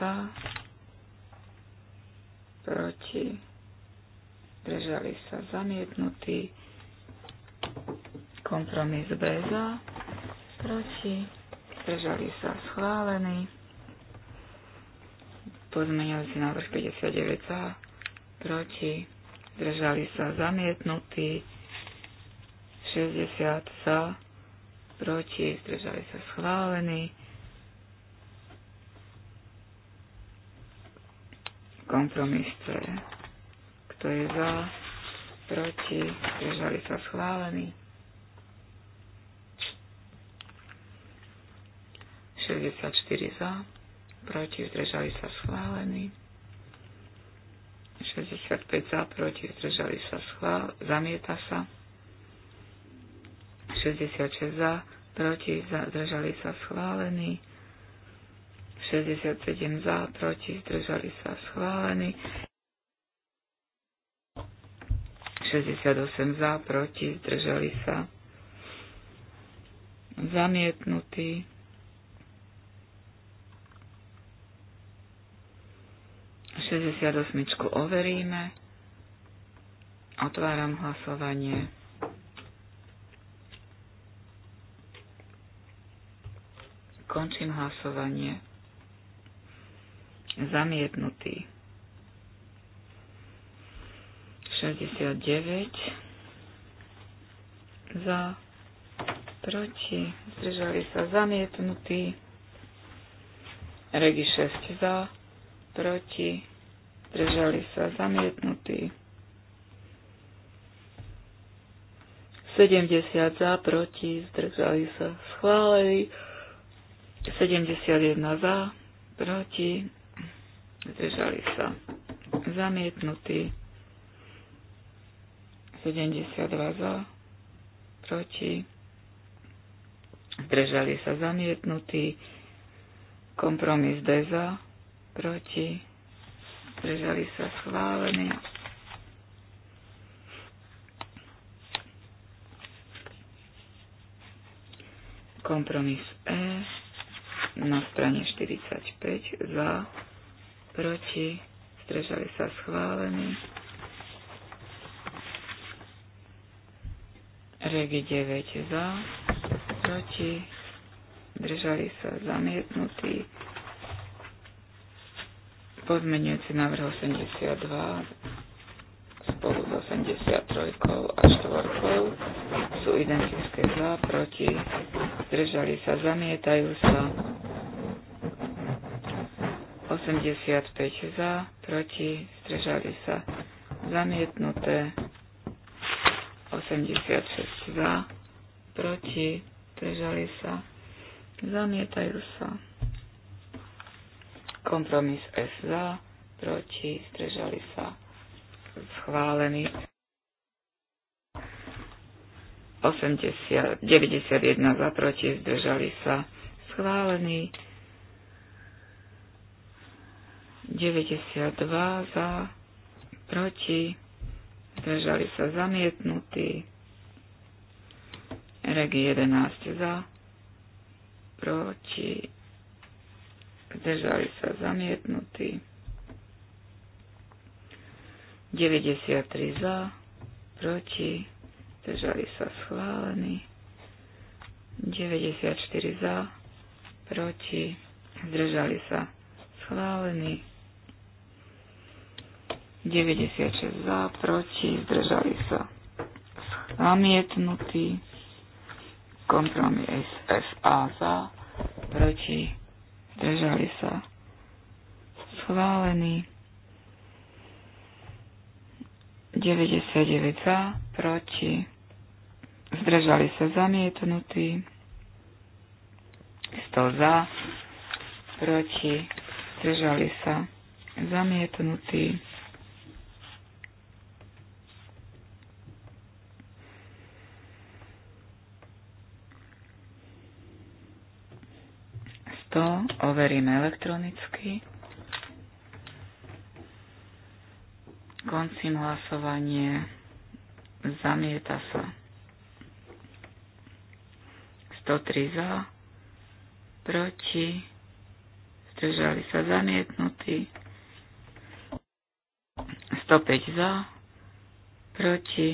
za, proti, zdržali sa zamietnutí. Kompromis B za, proti, zdržali sa schválení. si návrh 59 za, proti, zdržali sa zamietnutí, 60 za, proti, zdržali sa schválení, kompromis C, kto je za, proti, zdržali sa schválení, 64 za, proti, zdržali sa schválení, 65 za, proti, zdržali sa schvál, zamieta sa. 66 za, proti, zdržali sa schválení. 67 za, proti, zdržali sa schválení. 68 za, proti, zdržali sa zamietnutí. 68 overíme. Otváram hlasovanie. Končím hlasovanie. Zamietnutý. 69 za proti, zdržali sa zamietnutí, regi 6 za, proti, zdržali sa zamietnutí. 70 za, proti, zdržali sa schválili, 71 za, proti, zdržali sa zamietnutí. 72 za, proti, zdržali sa zamietnutí. Kompromis D za, proti, zdržali sa schválení. Kompromis E na strane 45 za, proti, zdržali sa schválení. Regi 9 za, proti, držali sa zamietnutí. Pozmenujúci návrh 82 spolu s 83 a 4 sú identické za, proti, zdržali sa, zamietajú sa. 85 za, proti, zdržali sa, zamietnuté. 86 za, proti, zdržali sa, zamietajú sa. Kompromis S za, proti, zdržali sa schválený. 80, 91 za proti, zdržali sa schválený. 92 za proti, zdržali sa zamietnutí. Regi 11 za proti, Držali sa zamietnutí. 93 za, proti, držali sa schválení. 94 za, proti, zdržali sa schválení. 96 za, proti, zdržali sa zamietnutí. Kompromis FA za, proti, držali sa schválený. 99 za, proti, zdržali sa zamietnutí, 100 za, proti, zdržali sa zamietnutí. to overíme elektronicky. Koncím hlasovanie. Zamieta sa. 103 za. Proti. Zdržali sa zamietnutí. 105 za. Proti.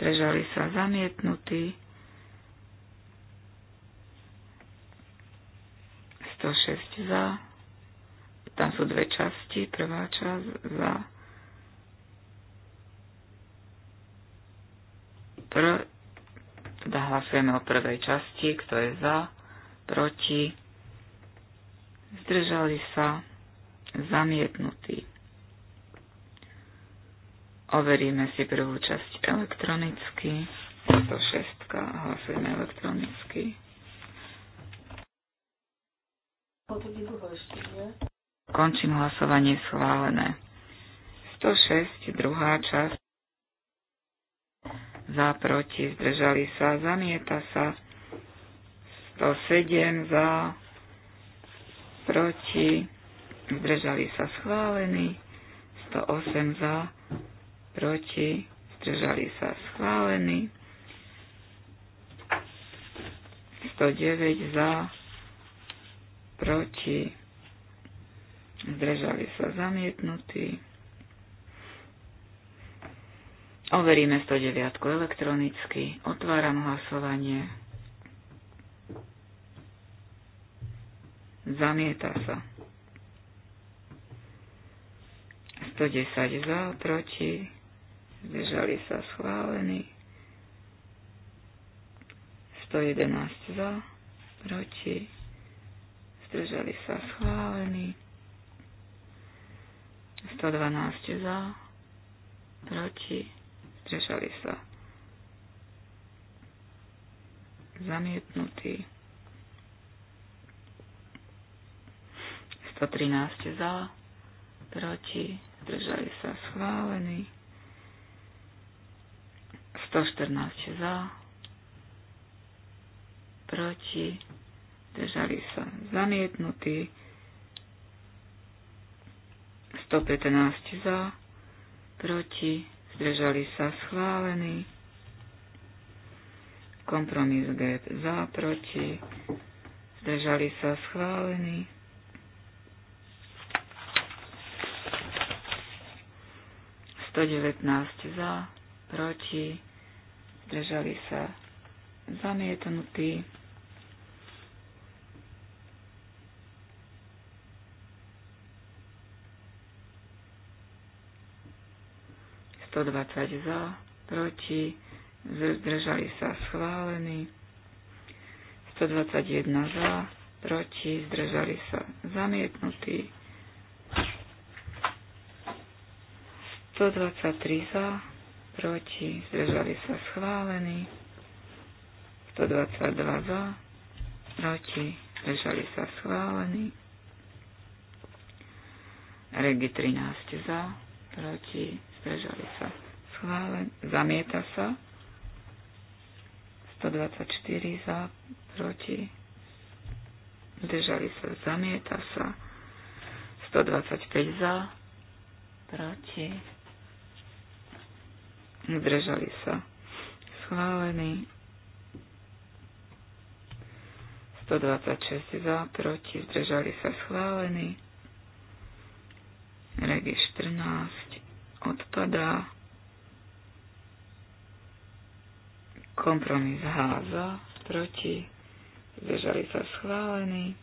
Zdržali sa zamietnutí. 106 za. Tam sú dve časti. Prvá časť za. Pr- teda hlasujeme o prvej časti, kto je za, proti, zdržali sa, zamietnutí. Overíme si prvú časť elektronicky. 106. Hlasujeme elektronicky. Končím hlasovanie schválené. 106, druhá časť. Za, proti, zdržali sa, zamieta sa. 107 za, proti, zdržali sa schválený. 108 za, proti, zdržali sa schválený. 109 za, proti, zdržali sa zamietnutí. Overíme 109 elektronicky. Otváram hlasovanie. Zamieta sa. 110 za, proti, zdržali sa schválení. 111 za, proti, zdržali sa schválení. 112 za, proti, zdržali sa zamietnutí. 113 za, proti, zdržali sa schválení. 114 za, proti, držali sa zamietnutí, 115 za, proti, zdržali sa schválení, kompromis G za, proti, zdržali sa schválení, Sto devätnásť za, proti, zdržali sa zamietnutí. 120 za, proti, zdržali sa schválení, 121 za, proti, zdržali sa zamietnutí, 123 za, proti, zdržali sa schválení, 122 za, proti, zdržali sa schválení, Regi 13 za, proti, zdržali sa schválen, zamieta sa 124 za, proti, zdržali sa, zamieta sa 125 za, proti, zdržali sa, schválený 126 za, proti, zdržali sa, schválený Regi 14 odpadá. Kompromis H za, proti, zdržali sa schválený.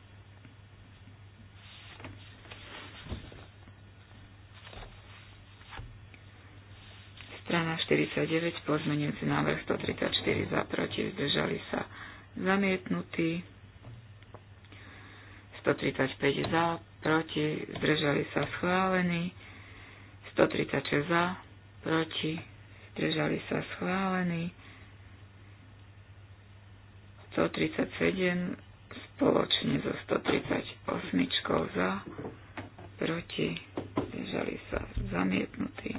Strana 49, pozmenujúci návrh 134 za, proti, zdržali sa zamietnutý. 135 za, proti, zdržali sa schválený. 136 za, proti, zdržali sa schválení. 137 spoločne so 138 za, proti, zdržali sa zamietnutí.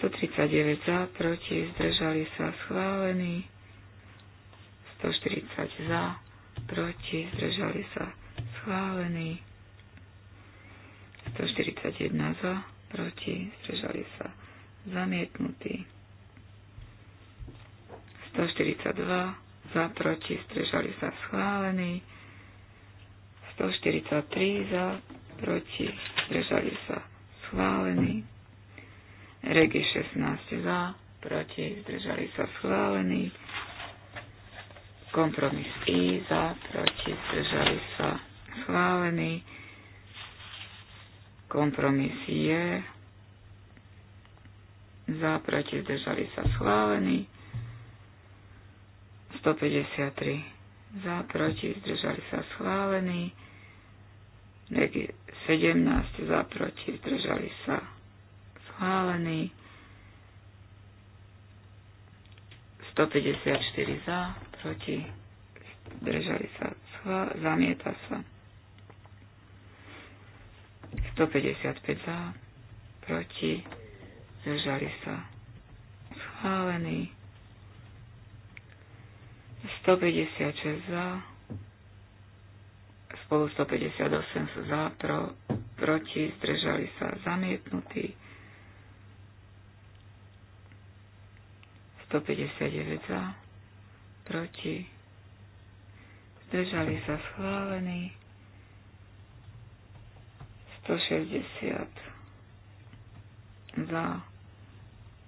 139 za, proti, zdržali sa schválení. 140 za, proti, zdržali sa schválení. 141 za, proti, zdržali sa zamietnutí. 142 za, proti, zdržali sa schválení. 143 za, proti, zdržali sa schválení. Regi 16 za, proti, zdržali sa schválení. Kompromis I za, proti, zdržali sa schválení. Kompromis je za, proti, zdržali sa schválený. 153 za, proti, zdržali sa schválený. 17 za, proti, zdržali sa schválený. 154 za, proti, zdržali sa, schvá, zamieta sa. 155 za, proti, zdržali sa Schválený. 156 za, spolu 158 sú za, pro, proti, zdržali sa zamietnutí. 159 za, proti, zdržali sa schválený. 160 za,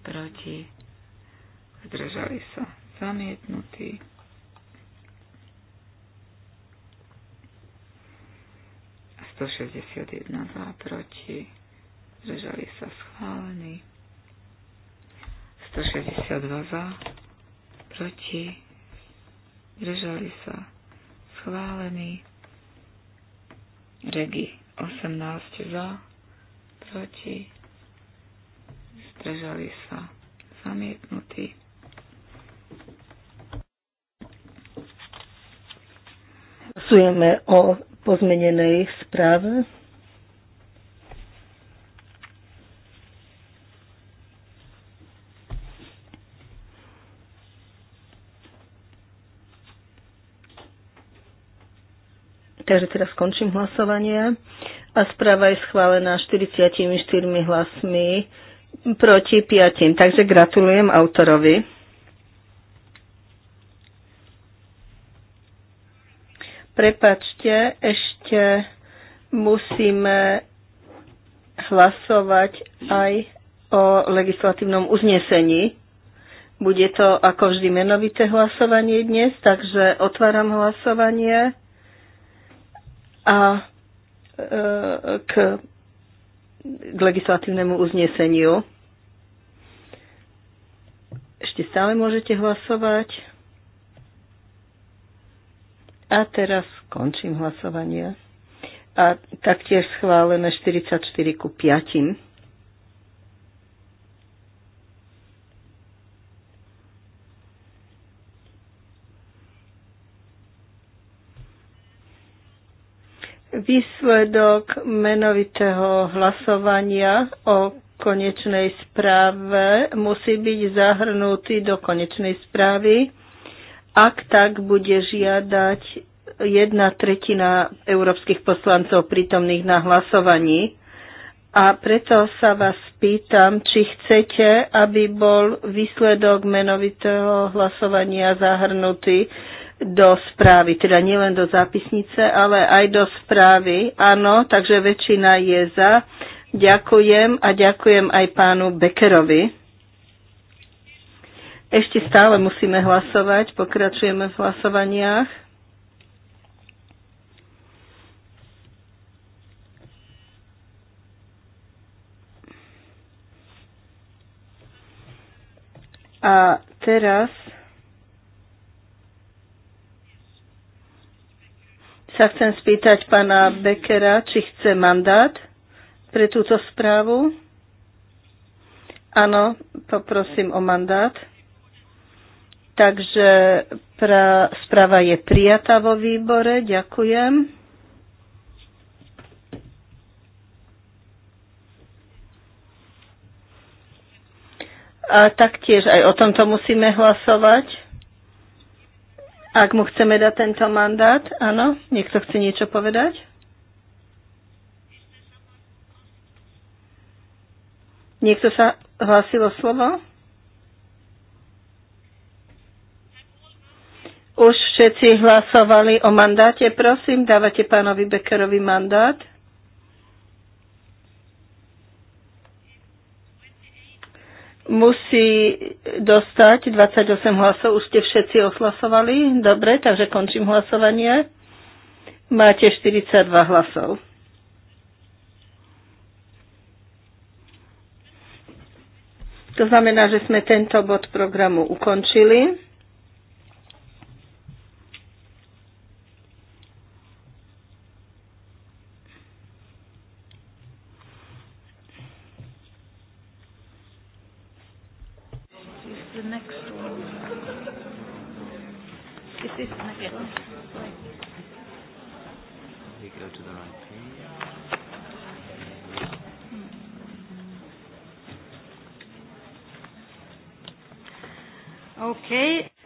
proti, zdržali sa, zamietnutí. A 161 za, proti, zdržali sa, schválení. 162 za, proti, zdržali sa, schválení. Regi 18 za, proti, zdržali sa, zamietnutí. Hlasujeme o pozmenenej správe. Takže teraz skončím hlasovanie a správa je schválená 44 hlasmi proti 5. Takže gratulujem autorovi. Prepačte, ešte musíme hlasovať aj o legislatívnom uznesení. Bude to ako vždy menovité hlasovanie dnes, takže otváram hlasovanie a e, k, k legislatívnemu uzneseniu. Ešte stále môžete hlasovať. A teraz končím hlasovanie. A taktiež schválené 44 ku 5. výsledok menovitého hlasovania o konečnej správe musí byť zahrnutý do konečnej správy, ak tak bude žiadať jedna tretina európskych poslancov prítomných na hlasovaní. A preto sa vás pýtam, či chcete, aby bol výsledok menovitého hlasovania zahrnutý do správy, teda nielen do zápisnice, ale aj do správy. Áno, takže väčšina je za. Ďakujem a ďakujem aj pánu Bekerovi. Ešte stále musíme hlasovať, pokračujeme v hlasovaniach. A teraz sa chcem spýtať pána Bekera, či chce mandát pre túto správu. Áno, poprosím o mandát. Takže pra, správa je prijatá vo výbore. Ďakujem. A taktiež aj o tomto musíme hlasovať. Ak mu chceme dať tento mandát, áno, niekto chce niečo povedať? Niekto sa hlásilo slovo? Už všetci hlasovali o mandáte, prosím, dávate pánovi Beckerovi mandát. musí dostať 28 hlasov. Už ste všetci oslasovali. Dobre, takže končím hlasovanie. Máte 42 hlasov. To znamená, že sme tento bod programu ukončili. OK.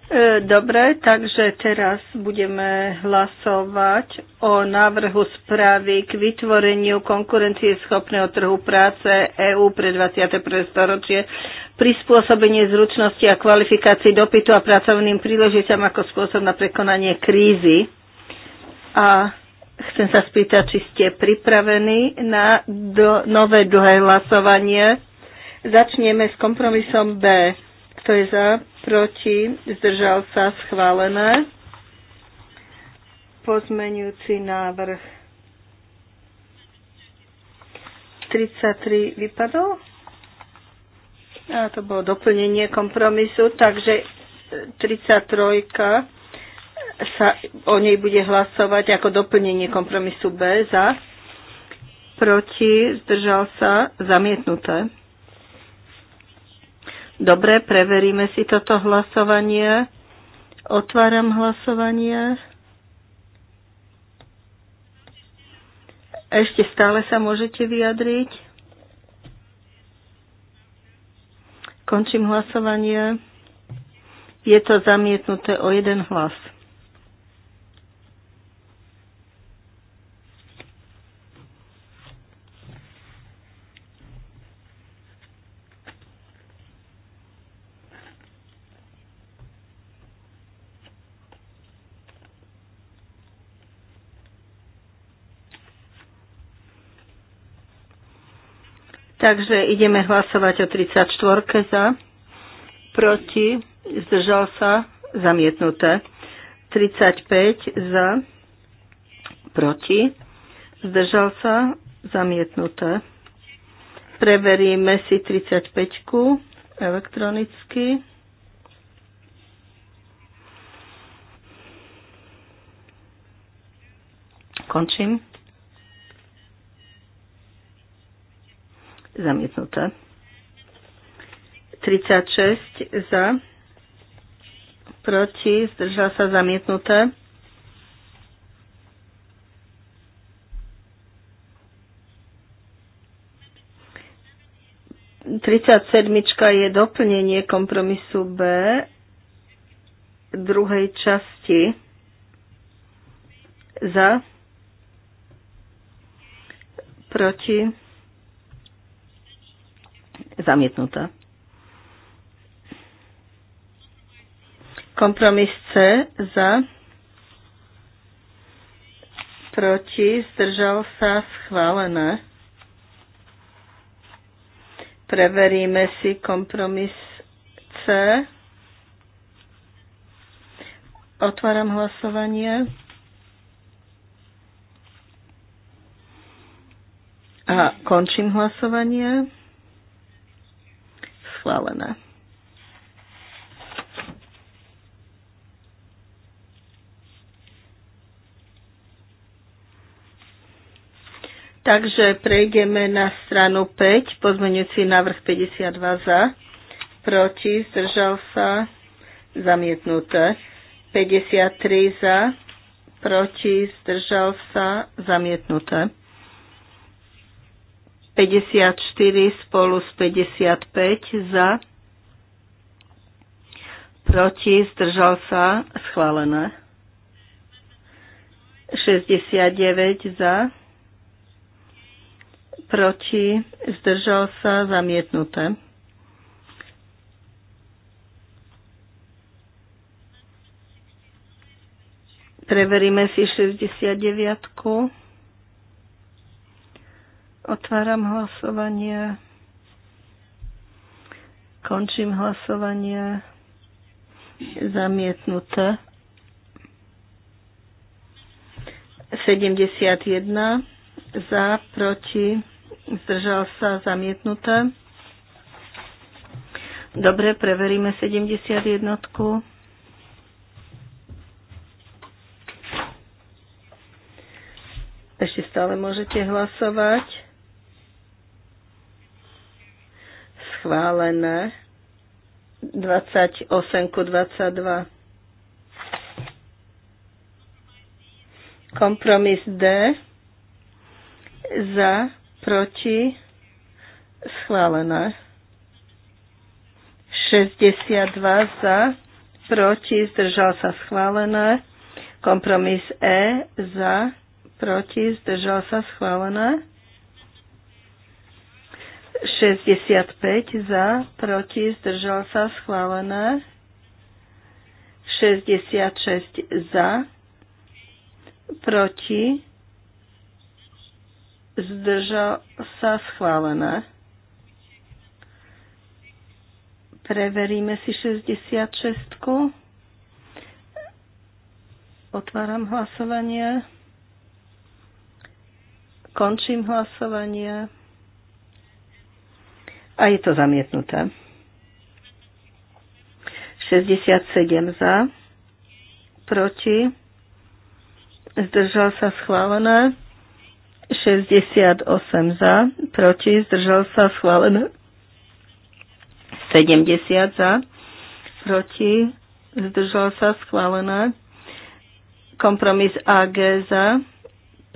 E, dobre, takže teraz budeme hlasovať o návrhu správy k vytvoreniu konkurencieschopného trhu práce EÚ pre 21. storočie, prispôsobenie zručnosti a kvalifikácii dopytu a pracovným príležitám ako spôsob na prekonanie krízy. A chcem sa spýtať, či ste pripravení na do, nové dlhé hlasovanie. Začneme s kompromisom B. Kto je za? Proti? Zdržal sa? Schválené. Pozmenujúci návrh 33 vypadol? A to bolo doplnenie kompromisu, takže 33 sa o nej bude hlasovať ako doplnenie kompromisu B za, proti, zdržal sa, zamietnuté. Dobre, preveríme si toto hlasovanie. Otváram hlasovanie. Ešte stále sa môžete vyjadriť. Končím hlasovanie. Je to zamietnuté o jeden hlas. Takže ideme hlasovať o 34 za, proti, zdržal sa, zamietnuté. 35 za, proti, zdržal sa, zamietnuté. Preveríme si 35 elektronicky. Končím Zamietnuté. 36 za. Proti. Zdržal sa zamietnuté. sedmička je doplnenie kompromisu B druhej časti za proti zamietnuté. Kompromis C za, proti, zdržal sa, schválené. Preveríme si kompromis C. Otváram hlasovanie. A končím hlasovanie schválené. Takže prejdeme na stranu 5, pozmeňujúci návrh 52 za, proti, zdržal sa, zamietnuté. 53 za, proti, zdržal sa, zamietnuté. 54 spolu s 55 za, proti, zdržal sa, schválené. 69 za, proti, zdržal sa, zamietnuté. Preveríme si 69. Otváram hlasovanie. Končím hlasovanie. Zamietnuté. 71 za, proti, zdržal sa, zamietnuté. Dobre, preveríme 71. Ešte stále môžete hlasovať. schválené 28 ku 22. Kompromis D za, proti, schválené. 62 za, proti, zdržal sa schválené. Kompromis E za, proti, zdržal sa schválené. 65 za, proti, zdržal sa, schválené. 66 za, proti, zdržal sa, schválené. Preveríme si 66. -ku. Otváram hlasovanie. Končím hlasovanie. A je to zamietnuté. 67 za, proti, zdržal sa schválené. 68 za, proti, zdržal sa schválené. 70 za, proti, zdržal sa schválené. Kompromis AG za,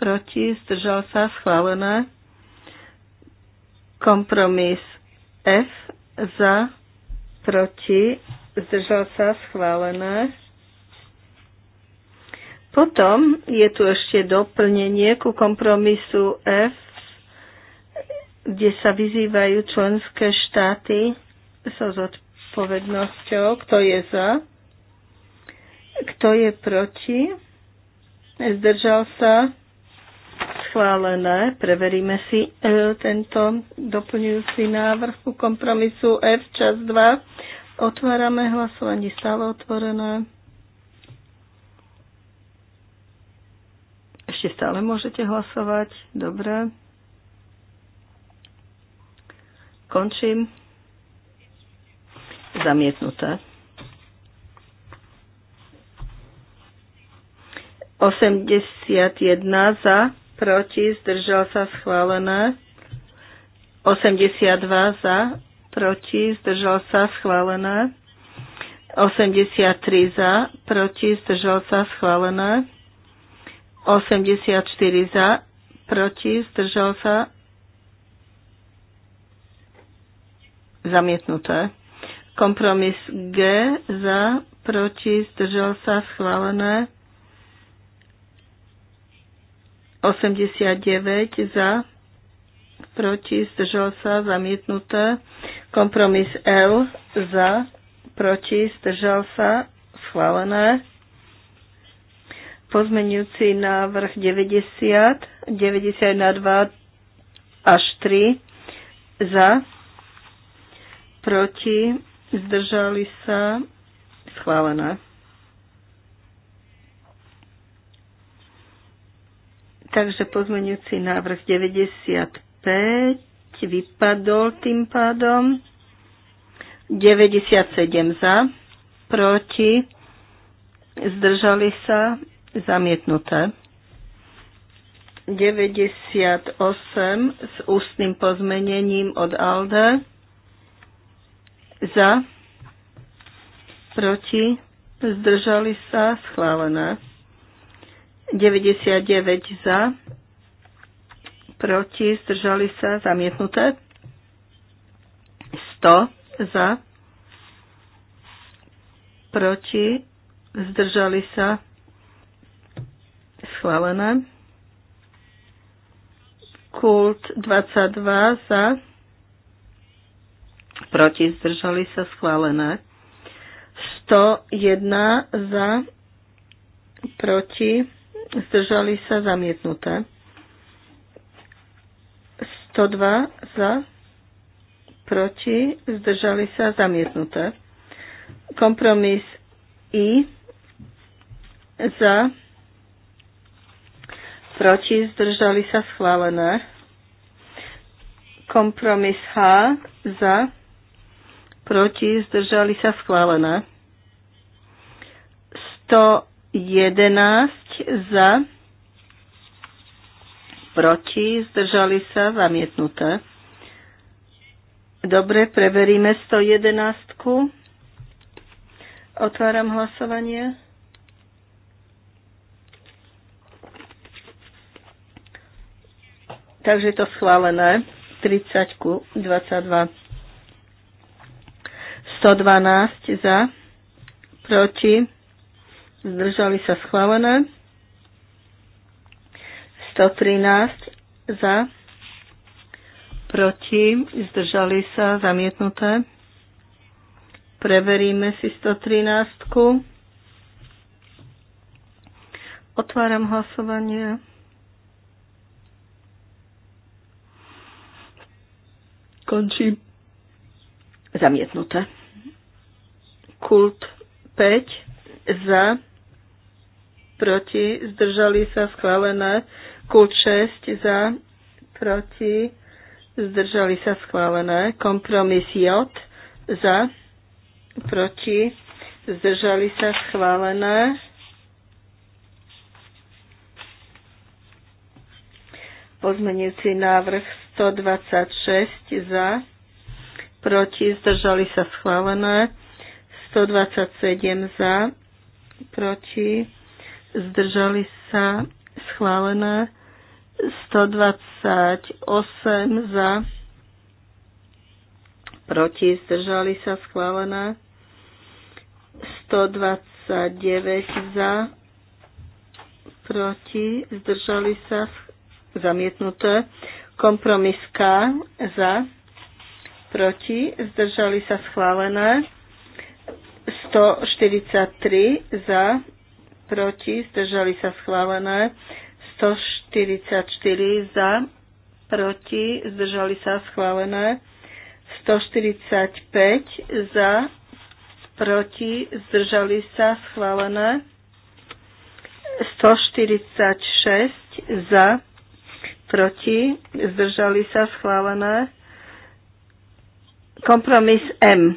proti, zdržal sa schválené. Kompromis F za, proti, zdržal sa, schválené. Potom je tu ešte doplnenie ku kompromisu F, kde sa vyzývajú členské štáty so zodpovednosťou, kto je za, kto je proti, zdržal sa, schválené. Preveríme si e, tento doplňujúci návrh ku kompromisu F čas 2. Otvárame hlasovanie stále otvorené. Ešte stále môžete hlasovať. Dobre. Končím. Zamietnuté. 81 za, proti, zdržal sa schválené. 82 za, proti, zdržal sa schválené. 83 za, proti, zdržal sa schválené. 84 za, proti, zdržal sa zamietnuté. Kompromis G za, proti, zdržal sa schválené. 89 za, proti, zdržal sa, zamietnuté. Kompromis L za, proti, zdržal sa, schválené. Pozmenujúci návrh 90, 91, 2 až 3 za, proti, zdržali sa, schválené. Takže pozmeňujúci návrh 95 vypadol tým pádom. 97 za, proti, zdržali sa, zamietnuté. 98 s ústnym pozmenením od ALDE za, proti, zdržali sa, schválené. 99 za, proti, zdržali sa, zamietnuté. 100 za, proti, zdržali sa, schválené. Kult 22 za, proti, zdržali sa, schválené. 101 za, proti, zdržali sa zamietnuté. 102 za, proti, zdržali sa zamietnuté. Kompromis I za, proti, zdržali sa schválené. Kompromis H za, proti, zdržali sa schválené. 111 za, proti, zdržali sa, zamietnuté. Dobre, preveríme 111. Otváram hlasovanie. Takže to schválené. 30 ku 22. 112 za, proti, zdržali sa schválené. 113 za, proti, zdržali sa, zamietnuté. Preveríme si 113. -ku. Otváram hlasovanie. Končím. Zamietnuté. Kult 5 za, proti, zdržali sa, schválené. Kult 6 za, proti, zdržali sa schválené. Kompromis J za, proti, zdržali sa schválené. Pozmenujúci návrh 126 za, proti, zdržali sa schválené. 127 za, proti, zdržali sa schválené. 128 za, proti, zdržali sa schválené. 129 za, proti, zdržali sa zamietnuté. Kompromis K za, proti, zdržali sa schválené. 143 za, proti, zdržali sa schválené. 160. 144 za, proti, zdržali sa schválené. 145 za, proti, zdržali sa schválené. 146 za, proti, zdržali sa schválené. Kompromis M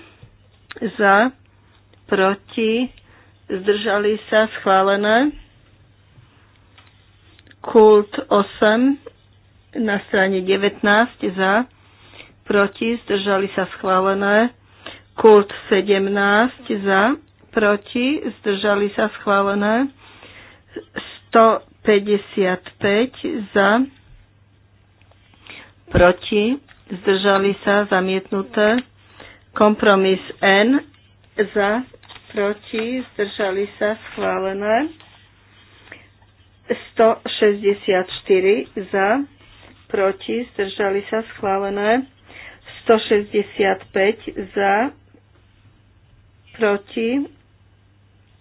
za, proti, zdržali sa schválené. Kult 8 na strane 19 za, proti, zdržali sa schválené. Kult 17 za, proti, zdržali sa schválené. 155 za, proti, zdržali sa zamietnuté. Kompromis N za, proti, zdržali sa schválené. 164 za, proti, zdržali sa schválené. 165 za, proti,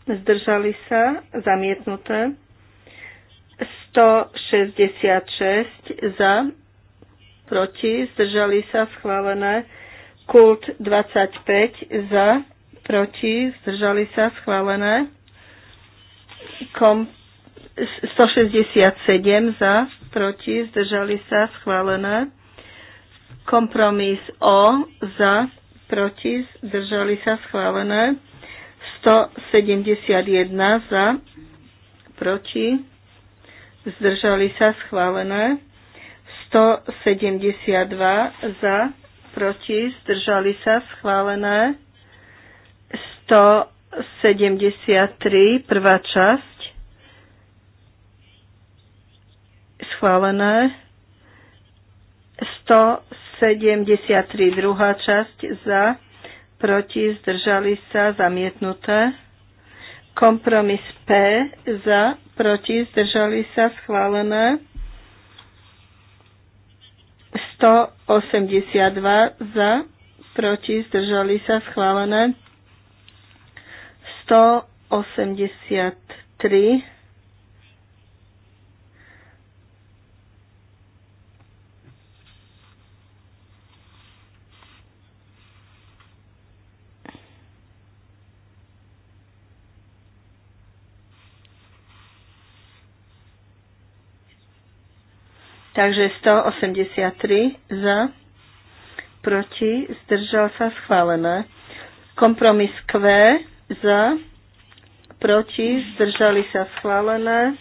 zdržali sa, zamietnuté. 166 za, proti, zdržali sa, schválené. Kult 25 za, proti, zdržali sa, schválené. Komp 167 za, proti, zdržali sa, schválené. Kompromis O za, proti, zdržali sa, schválené. 171 za, proti, zdržali sa, schválené. 172 za, proti, zdržali sa, schválené. 173, prvá časť, schválené. 173 druhá časť za, proti, zdržali sa, zamietnuté. Kompromis P za, proti, zdržali sa, schválené. 182 za, proti, zdržali sa, schválené. 183 Takže 183 za, proti, zdržal sa schválené. Kompromis Q za, proti, zdržali sa schválené.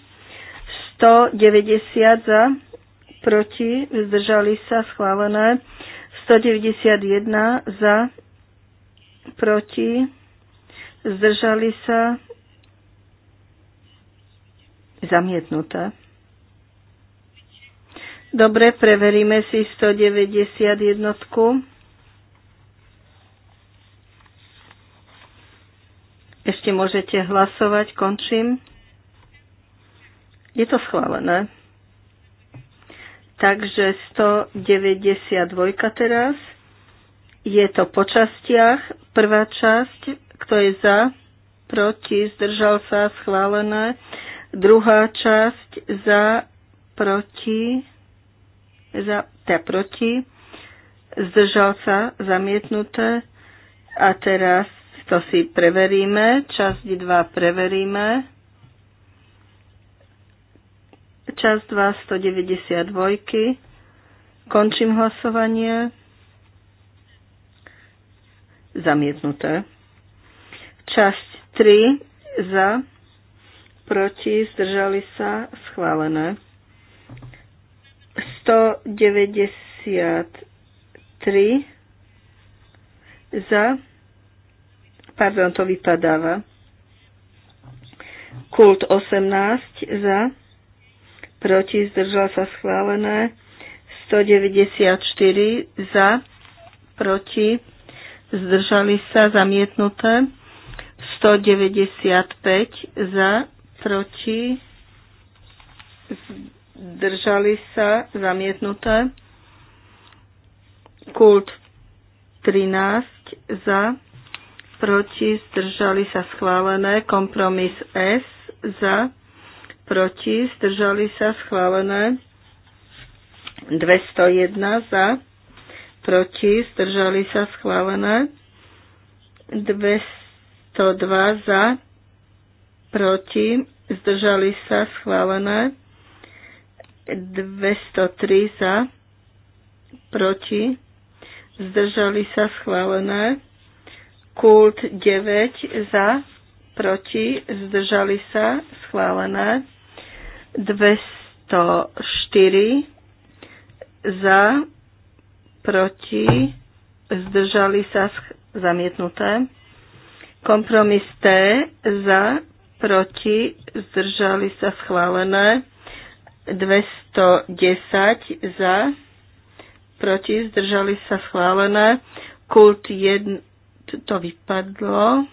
190 za, proti, zdržali sa schválené. 191 za, proti, zdržali sa zamietnuté. Dobre, preveríme si 190 jednotku. Ešte môžete hlasovať, končím. Je to schválené. Takže 192 teraz. Je to po častiach. Prvá časť, kto je za, proti, zdržal sa, schválené. Druhá časť, za, proti, za, te teda proti, zdržal sa, zamietnuté. A teraz to si preveríme, časť 2 preveríme. Časť 2 192. Končím hlasovanie. Zamietnuté. Časť 3 za, proti, zdržali sa, schválené 193 za, pardon, to vypadáva, kult 18 za, proti, zdržal sa schválené, 194 za, proti, zdržali sa zamietnuté, 195 za, proti, Držali sa, zamietnuté. Kult 13 za, proti, zdržali sa, schválené. Kompromis S za, proti, zdržali sa, schválené. 201 za, proti, zdržali sa, schválené. 202 za, proti, zdržali sa, schválené. 203 za, proti, zdržali sa schválené, kult 9 za, proti, zdržali sa schválené, 204 za, proti, zdržali sa zamietnuté. Kompromis T za, proti, zdržali sa schválené. 210 za, proti, zdržali sa schválené. Kult 1, to vypadlo.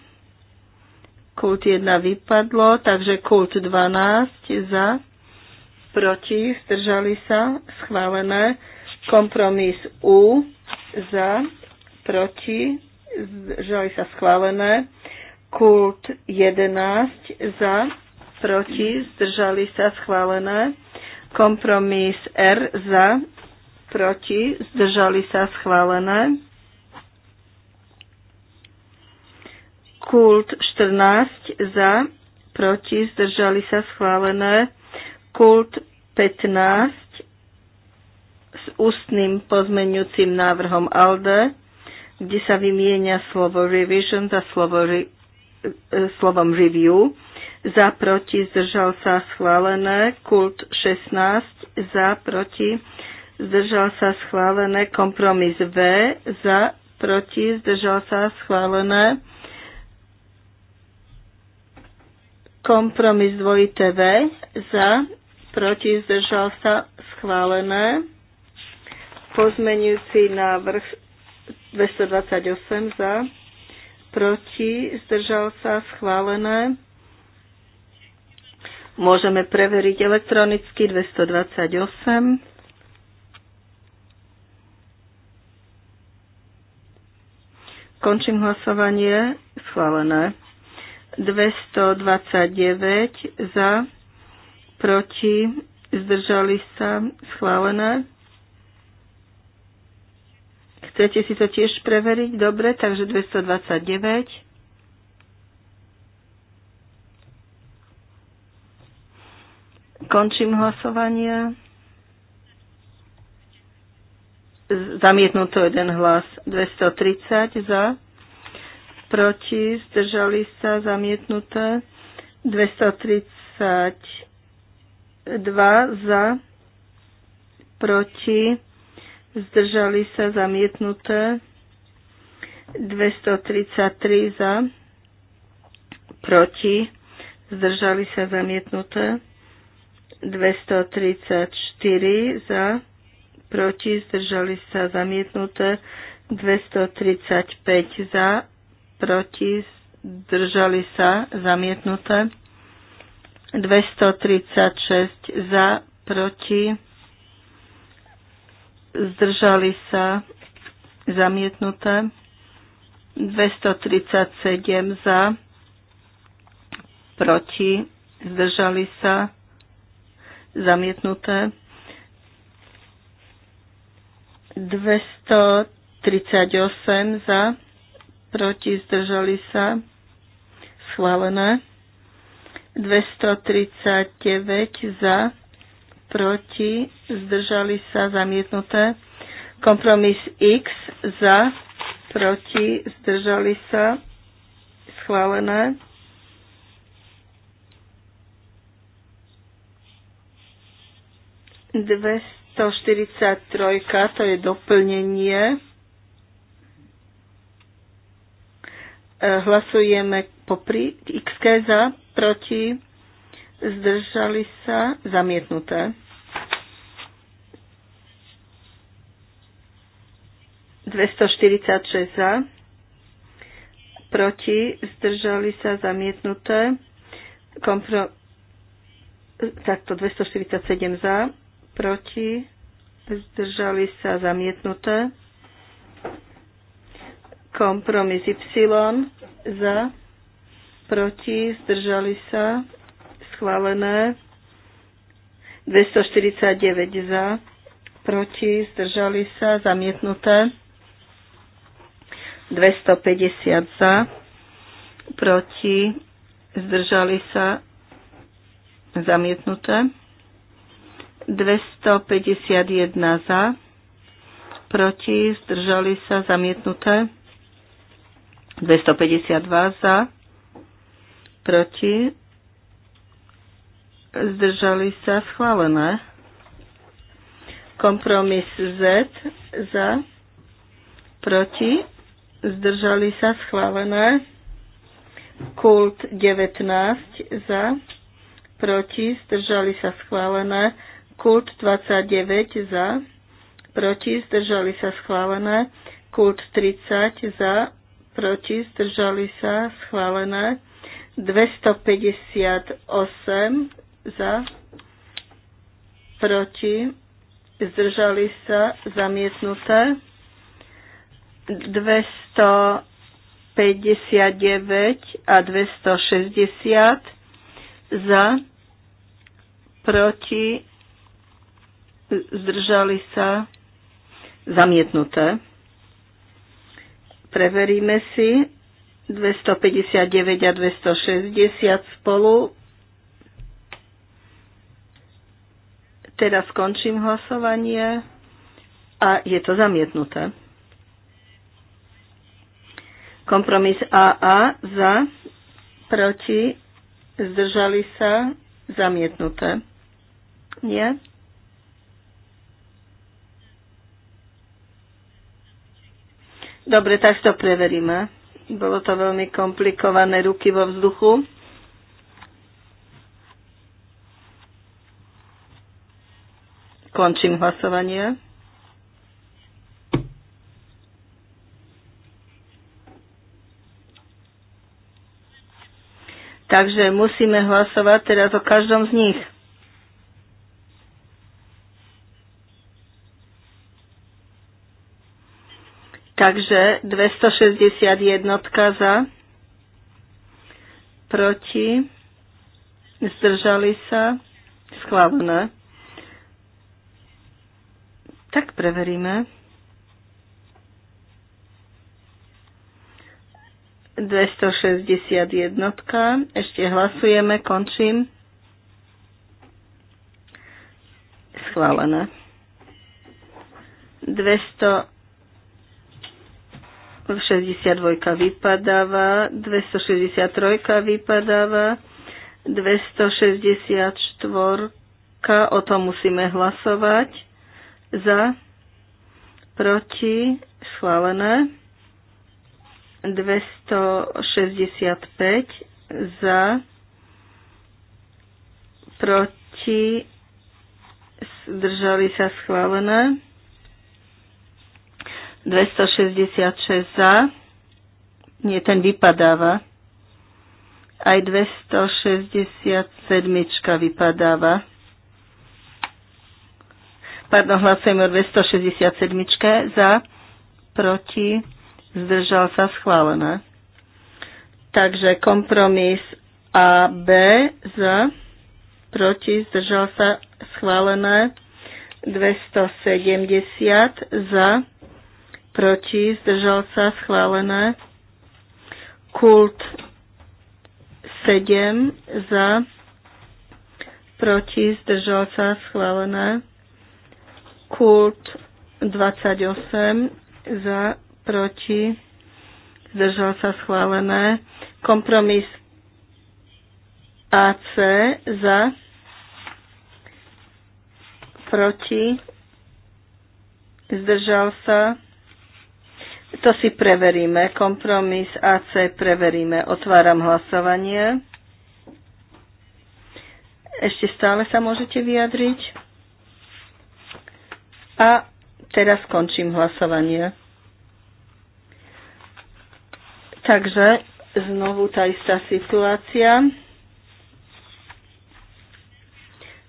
Kult 1 vypadlo, takže kult 12 za, proti, zdržali sa, schválené. Kompromis U za, proti, zdržali sa, schválené. Kult 11 za, proti, zdržali sa, schválené. Kompromis R za, proti, zdržali sa schválené. Kult 14 za, proti, zdržali sa schválené. Kult 15 s ústnym pozmenujúcim návrhom ALDE, kde sa vymienia slovo revision za slovo re, e, slovom review za proti zdržal sa schválené, kult 16 za proti zdržal sa schválené, kompromis V za proti zdržal sa schválené, kompromis dvojité V za proti zdržal sa schválené, pozmenujúci návrh 228 za proti zdržal sa schválené, Môžeme preveriť elektronicky 228. Končím hlasovanie. Schválené. 229 za, proti, zdržali sa, schválené. Chcete si to tiež preveriť? Dobre, takže 229. Končím hlasovanie. Zamietnuto jeden hlas. 230 za. Proti. Zdržali sa. Zamietnuté. 232 za. Proti. Zdržali sa. Zamietnuté. 233 za. Proti. Zdržali sa. Zamietnuté. 234 za, proti, zdržali sa zamietnuté, 235 za, proti, zdržali sa zamietnuté, 236 za, proti, zdržali sa zamietnuté, 237 za, proti, zdržali sa zamietnuté. 238 za, proti zdržali sa, schválené. 239 za, proti zdržali sa, zamietnuté. Kompromis X za, proti zdržali sa, schválené. 243, to je doplnenie. E, hlasujeme popri XK X za, proti, zdržali sa, zamietnuté. 246 za, proti, zdržali sa, zamietnuté. Kompro, takto 247 za, proti, zdržali sa zamietnuté. Kompromis Y za, proti, zdržali sa, schválené. 249 za, proti, zdržali sa, zamietnuté. 250 za, proti, zdržali sa, zamietnuté. 251 za, proti, zdržali sa, zamietnuté. 252 za, proti, zdržali sa, schválené. Kompromis Z za, proti, zdržali sa, schválené. Kult 19 za, proti, zdržali sa, schválené. Kult 29 za, proti, zdržali sa schválené. Kult 30 za, proti, zdržali sa schválené. 258 za, proti, zdržali sa zamietnuté. 259 a 260 za, proti, zdržali sa, zamietnuté. Preveríme si 259 a 260 spolu. Teraz skončím hlasovanie a je to zamietnuté. Kompromis AA za, proti, zdržali sa, zamietnuté. Nie? Dobre, tak to preveríme. Bolo to veľmi komplikované ruky vo vzduchu. Končím hlasovanie. Takže musíme hlasovať teraz o každom z nich. Takže 261 za, proti, zdržali sa, schválené. Tak preveríme. 261. Ešte hlasujeme, končím. Schválené. 200 62 vypadáva, 263 vypadáva, 264, o tom musíme hlasovať, za, proti, schválené, 265, za, proti, zdržali sa schválené, 266 za. Nie, ten vypadáva. Aj 267 vypadáva. Pardon, hlasujeme o 267 za, proti, zdržal sa schválené. Takže kompromis A, B za, proti, zdržal sa schválené. 270 za, proti, zdržal sa, schválené. Kult 7 za, proti, zdržal sa, schválené. Kult 28 za, proti, zdržal sa, schválené. Kompromis AC za, proti, zdržal sa, schválené to si preveríme. Kompromis AC preveríme. Otváram hlasovanie. Ešte stále sa môžete vyjadriť. A teraz končím hlasovanie. Takže znovu tá istá situácia.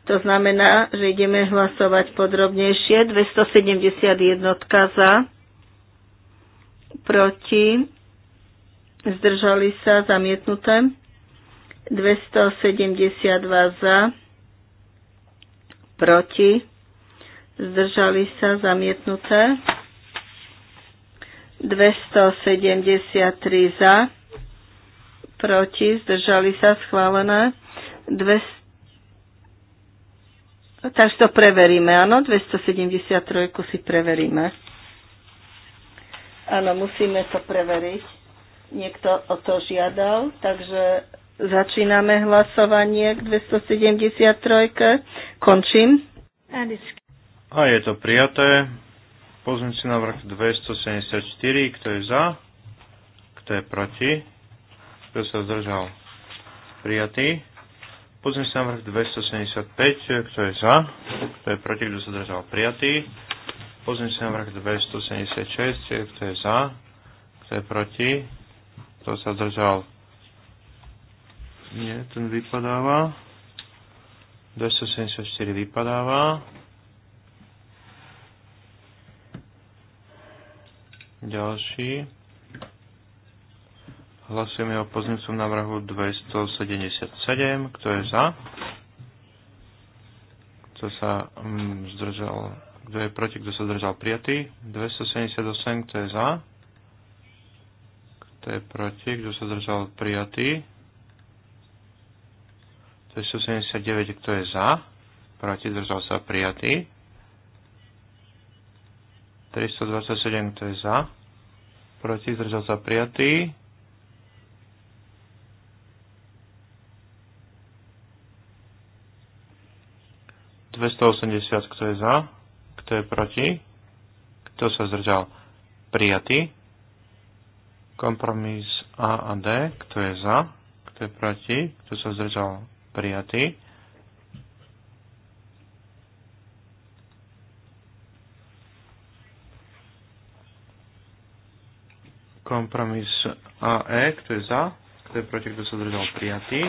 To znamená, že ideme hlasovať podrobnejšie. 271 za proti, zdržali sa, zamietnuté. 272 za, proti, zdržali sa, zamietnuté. 273 za, proti, zdržali sa, schválené. 200 Takže to preveríme, áno, 273 si preveríme. Áno, musíme to preveriť. Niekto o to žiadal, takže začíname hlasovanie k 273. Končím. A je to prijaté. si návrh 274. Kto je za? Kto je proti? Kto sa zdržal? Prijatý. si návrh 275. Kto je za? Kto je proti? Kto sa zdržal? Prijatý. Pozmeňujúci návrh 276, kto je za, kto je proti, kto sa držal. Nie, ten vypadáva. 274 vypadáva. Ďalší. Hlasujeme o pozemcom návrhu 277. Kto je za? Kto sa mm, zdržal? kto je proti, kto sa zdržal prijatý, 278, kto je za, kto je proti, kto sa zdržal prijatý, 279, kto je za, proti, zdržal sa prijatý, 327, kto je za, proti, zdržal sa prijatý, 280, kto je za, kto je proti? Kto sa zdržal? Prijatý. Kompromis A a D. Kto je za? Kto je proti? Kto sa zdržal? Prijatý. kompromis AE, kto je za, kto je proti, kto sa zdržal prijatý.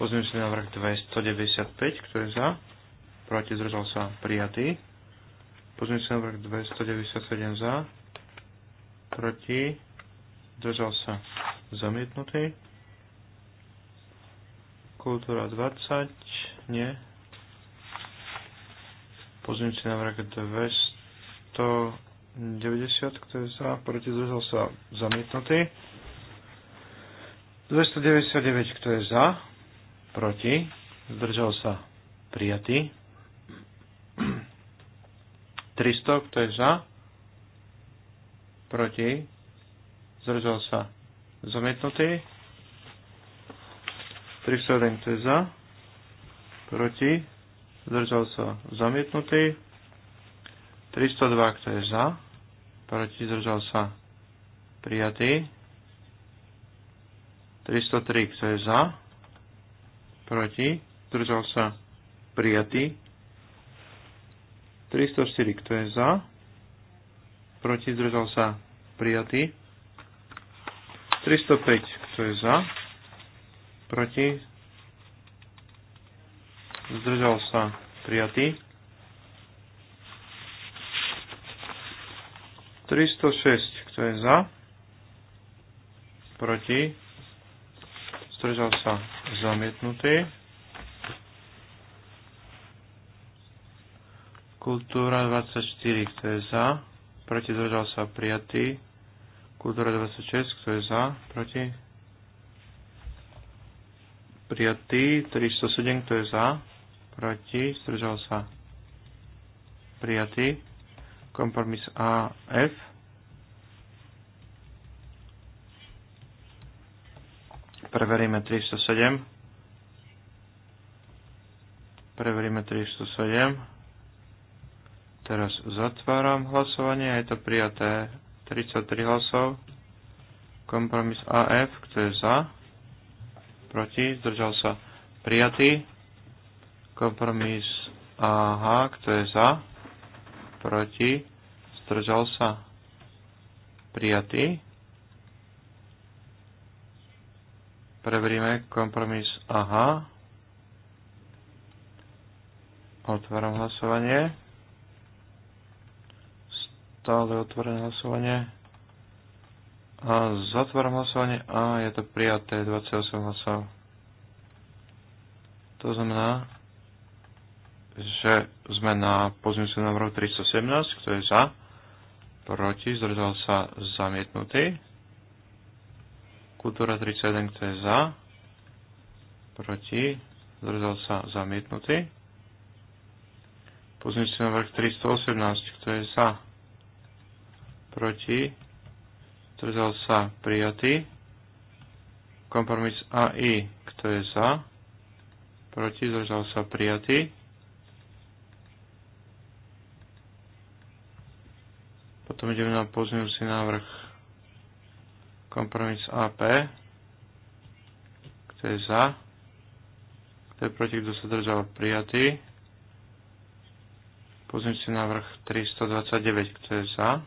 si návrh 295, kto je za? Proti zdržal sa prijatý. Pozmeňujúci návrh 297 za. Proti zdržal sa zamietnutý. Kultúra 20, nie. Pozmeňujúci návrh 290, kto je za? Proti zdržal sa zamietnutý. 299, kto je za? proti, zdržal sa prijatý. 300, kto je za, proti, zdržal sa zamietnutý. 301, kto je za, proti, zdržal sa zamietnutý. 302, kto je za, proti, zdržal sa prijatý. 303, kto je za, proti, zdržal sa, prijatý. 304, kto je za, proti, zdržal sa, prijatý. 305, kto je za, proti, zdržal sa, prijatý. 306, kto je za, proti, zdržal sa zamietnutý. Kultúra 24, kto je za, proti zdržal sa prijatý. Kultúra 26, kto je za, proti prijatý. 307, kto je za, proti zdržal sa prijatý. Kompromis AF. Preveríme 307. Preveríme 307. Teraz zatváram hlasovanie. Je to prijaté 33 hlasov. Kompromis AF, kto je za? Proti? Zdržal sa. Prijatý. Kompromis AH, kto je za? Proti? Zdržal sa. Prijatý Preveríme kompromis aha, Otváram hlasovanie. Stále otvorené hlasovanie. A zatváram hlasovanie a je to prijaté 28 hlasov. To znamená, že sme na pozíciu návrhu 317, kto je za, proti, zdržal sa zamietnutý. Kultúra 31, kto je za? Proti? Zdržal sa zamietnutý. na vrch 318, kto je za? Proti? Zdržal sa prijatý. Kompromis AI, kto je za? Proti? Zdržal sa prijatý. Potom ideme na pozmeňujúci návrh Kompromis AP. Kto je za? Kto je proti? Kto sa držal? Prijatý. si návrh 329. Kto je za?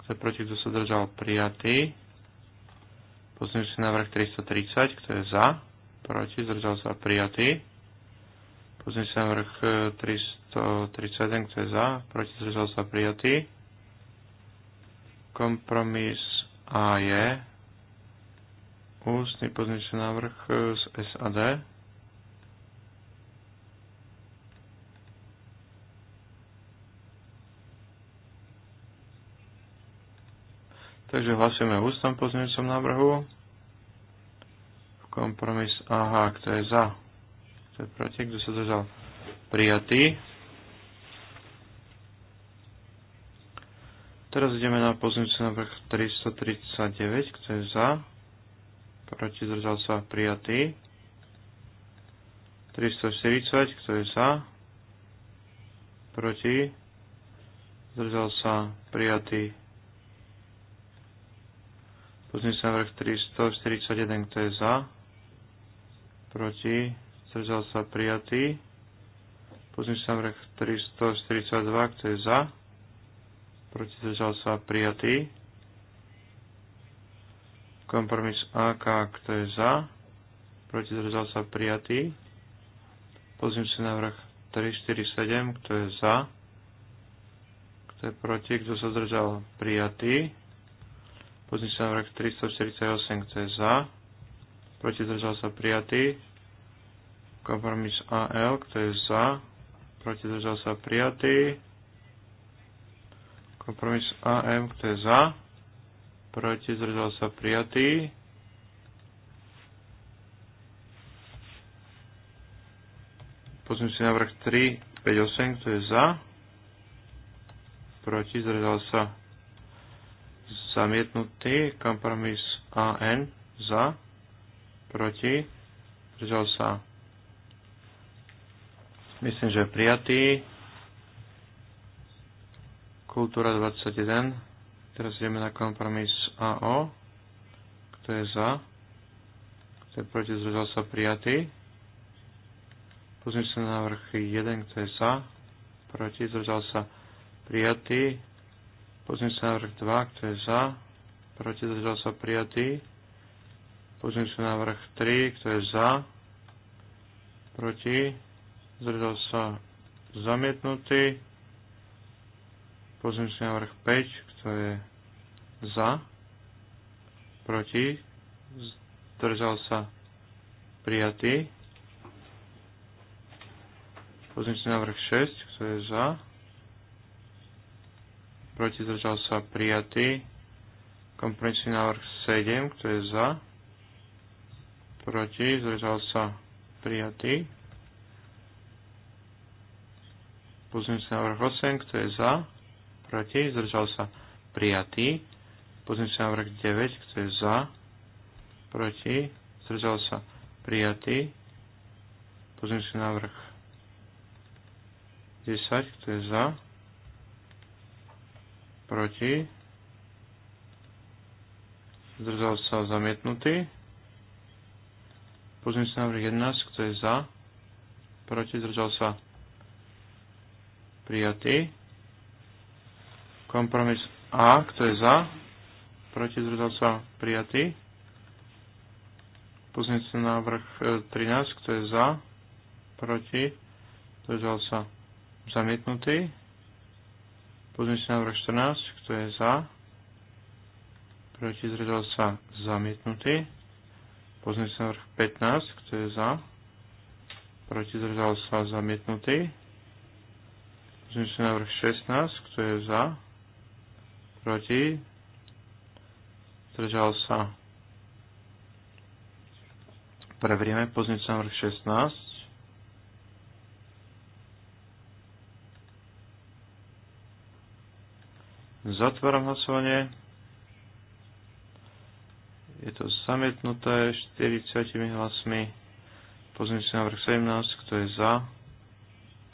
Kto je proti? Kto sa držal? Prijatý. si návrh 330. Kto je za? Proti? Zdržal sa? Prijatý. si návrh 331. E, Kto je za? Proti? Zdržal sa? Prijatý kompromis a je ústny pozmeňujúci návrh e, z SAD. Takže hlasujeme v ústnom pozmeňujúcom návrhu. Kompromis AH, kto je za, kto je proti, kto sa držal prijatý. Teraz ideme na pozornicu návrh 339, kto je za, proti zdržal sa prijatý. 340, kto je za, proti zdržal sa prijatý. Pozornicu vrch 341, kto je za, proti zdržal sa prijatý. Pozornicu vrch 342, kto je za, proti zdržal sa prijatý. Kompromis AK, kto je za, proti zdržal sa prijatý. Pozmeňujúci návrh 347, kto je za, kto je proti, kto sa zdržal prijatý. Pozmeňujúci návrh 348, kto je za, proti zdržal sa prijatý. Kompromis AL, kto je za, proti zdržal sa prijatý. Kompromis AM, kto je za? Proti, zdržal sa prijatý. Pozriem si návrh 3, 5, 8, kto je za? Proti, zdržal sa zamietnutý. Kompromis AN, za? Proti, zdržal sa. Myslím, že prijatý. Kultúra 21. Teraz ideme na kompromis AO. Kto je za? Kto je proti? Zdržal sa prijatý. Pozrieme sa návrh 1. Kto je za? Proti? Zdržal sa prijatý. Pozrieme sa návrh 2. Kto je za? Proti? Zdržal sa prijatý. Pozrieme sa návrh 3. Kto je za? Proti? Zdržal sa zamietnutý Pozmeňujúci návrh 5, kto je za, proti, zdržal sa prijatý. Pozmeňujúci návrh 6, kto je za, proti, zdržal sa prijatý. Kompromisný návrh 7, kto je za, proti, zdržal sa prijatý. Pozmeňujúci návrh 8, kto je za, proti, zdržal sa prijatý. na vrch 9, kto je za, proti, zdržal sa prijatý. na vrch 10, kto je za, proti, zdržal sa zamietnutý. na vrch 11, kto je za, proti, zdržal sa prijatý Kompromis A, kto je za? Proti zdržal sa prijatý. Pozmeňujúci návrh 13, e, kto je za? Proti zdržal sa zamietnutý. Pozmeňujúci návrh 14, kto je za? Proti zdržal sa zamietnutý. Pozmeňujúci návrh 15, kto je za? Proti zdržal sa zamietnutý. Pozmeňujúci návrh 16, kto je za? proti, zdržal sa. Preveríme pozmeňujúci vrch 16. Zatváram hlasovanie. Je to zamietnuté 40 hlasmi. Pozrite si vrch 17, kto je za,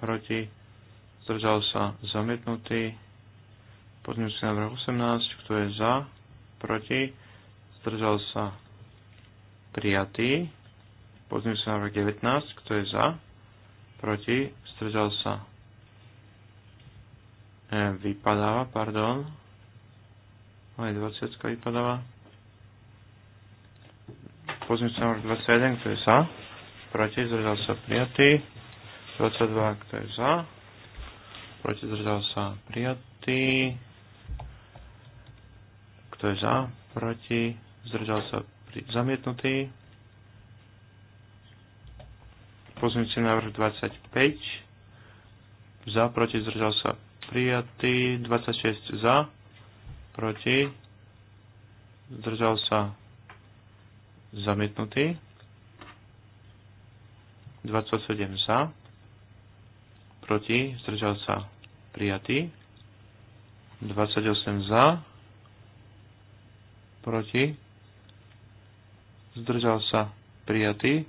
proti, zdržal sa zamietnutý. Pozmeňujúci návrh 18, kto je za, proti, zdržal sa prijatý. Pozmeňujúci návrh 19, kto je za, proti, zdržal sa e, vypadáva, pardon. No, Aj 20 vypadáva. Pozmeňujúci návrh 21, kto je za, proti, zdržal sa prijatý. 22, kto je za, proti, zdržal sa prijatý. Kto je za? Proti? Zdržal sa pri zamietnutý. Pozmíci návrh 25. Za, proti, zdržal sa prijatý. 26 za, proti, zdržal sa zamietnutý. 27 za, proti, zdržal sa prijatý. 28 za, proti, zdržal sa prijatý,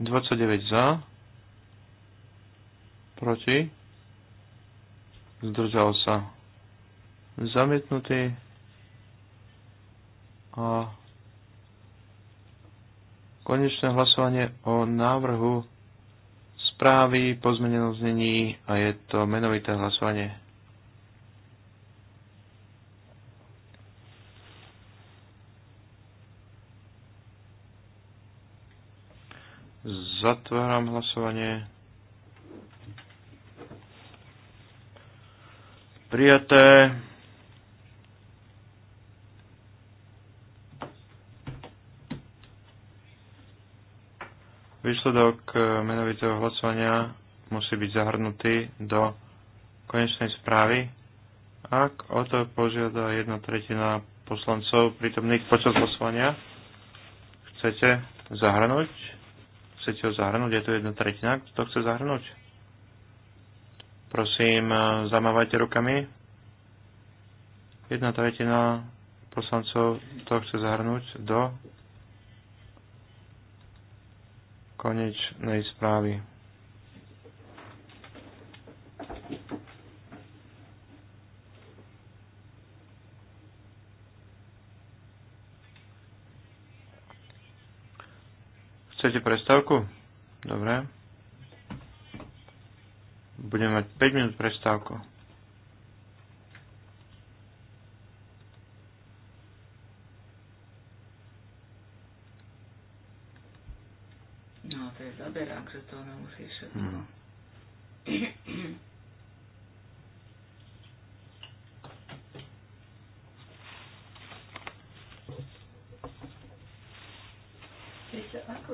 29 za, proti, zdržal sa zamietnutý a konečné hlasovanie o návrhu správy po zmenenom znení a je to menovité hlasovanie. Zatváram hlasovanie. Prijaté. Výsledok e, menovitého hlasovania musí byť zahrnutý do konečnej správy, ak o to požiada jedna tretina poslancov prítomných počas hlasovania. Chcete zahrnúť? Chcete ho zahrnúť? Je to jedna tretina, kto to chce zahrnúť? Prosím, e, zamávajte rukami. Jedna tretina poslancov to chce zahrnúť do konečnej správy. Chcete prestávku? Dobre. Budeme mať 5 minút prestávku. No, to je zaberák, že to nemusíš všetko. Hm.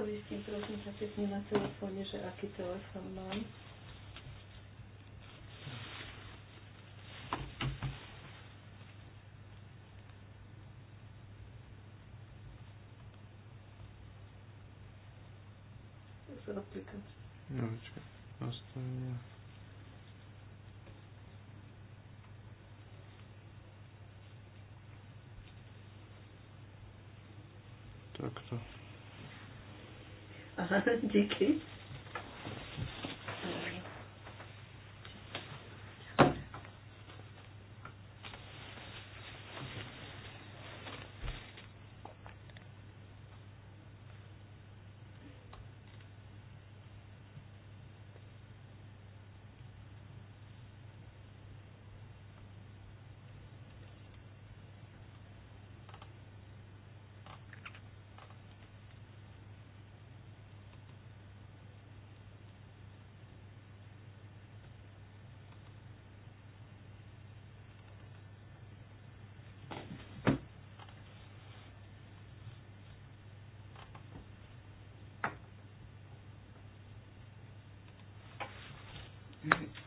Ako zistím, prosím sa pekne na telefóne, že aký telefón mám? No, čo Díky. Mm-hmm.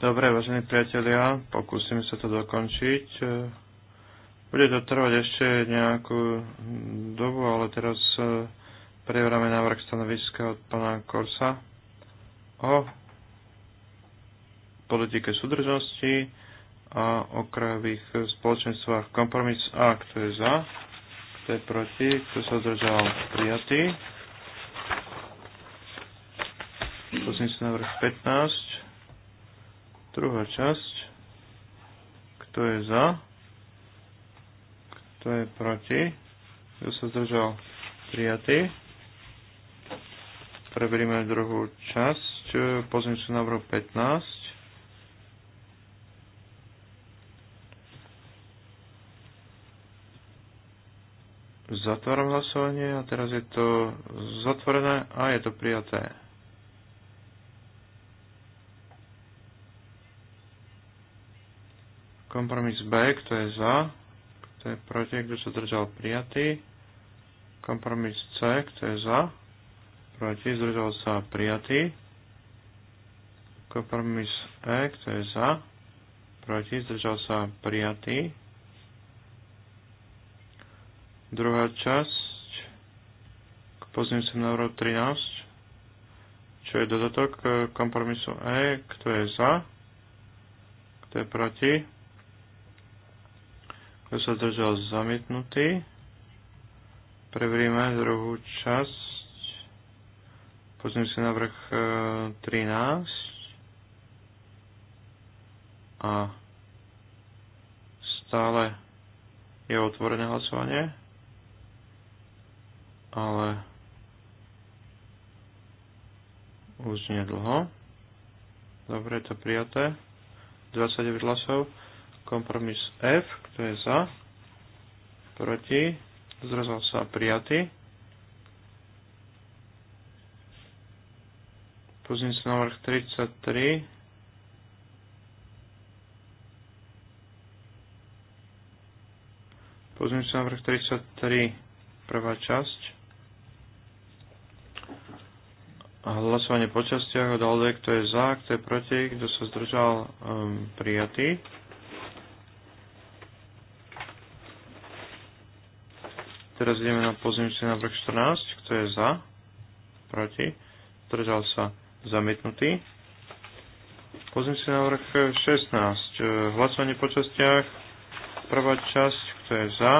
Dobre, vážení priatelia, pokúsim sa to dokončiť. E, bude to trvať ešte nejakú dobu, ale teraz e, prebráme návrh stanoviska od pána Korsa o politike súdržnosti a okrajových spoločenstvách kompromis A, kto je za, kto je proti, kto sa zdržal prijatý. Pozím sa návrh 15. Druhá časť. Kto je za? Kto je proti? Kto sa zdržal? Prijatý. Preberíme druhú časť. na návrh 15. Zatváram hlasovanie a teraz je to zatvorené a je to prijaté. Kompromis B, kto je za, kto je proti, kto sa držal prijatý. Kompromis C, kto je za, proti, zdržal sa prijatý. Kompromis E, kto je za, proti, zdržal sa prijatý. Druhá časť k na návrhu 13, čo je dodatok kompromisu E, kto je za, kto je proti kto sa držal zamietnutý? Preveríme druhú časť. Pozrieme si vrch 13. E, A stále je otvorené hlasovanie, ale už nedlho. Dobre, je to prijaté. 29 hlasov. Kompromis F. Kto je za? Proti? Zdržal sa prijatý. Pozrieme sa vrch 33. Pozrieme sa vrch 33. Prvá časť. A hlasovanie po častiach od Alde, kto je za, kto je proti, kto sa zdržal, um, prijatý. Teraz ideme na pozemčný návrh 14, kto je za, proti, Držal sa zamietnutý. Pozemčný návrh 16, e, hlasovanie po častiach, prvá časť, kto je za,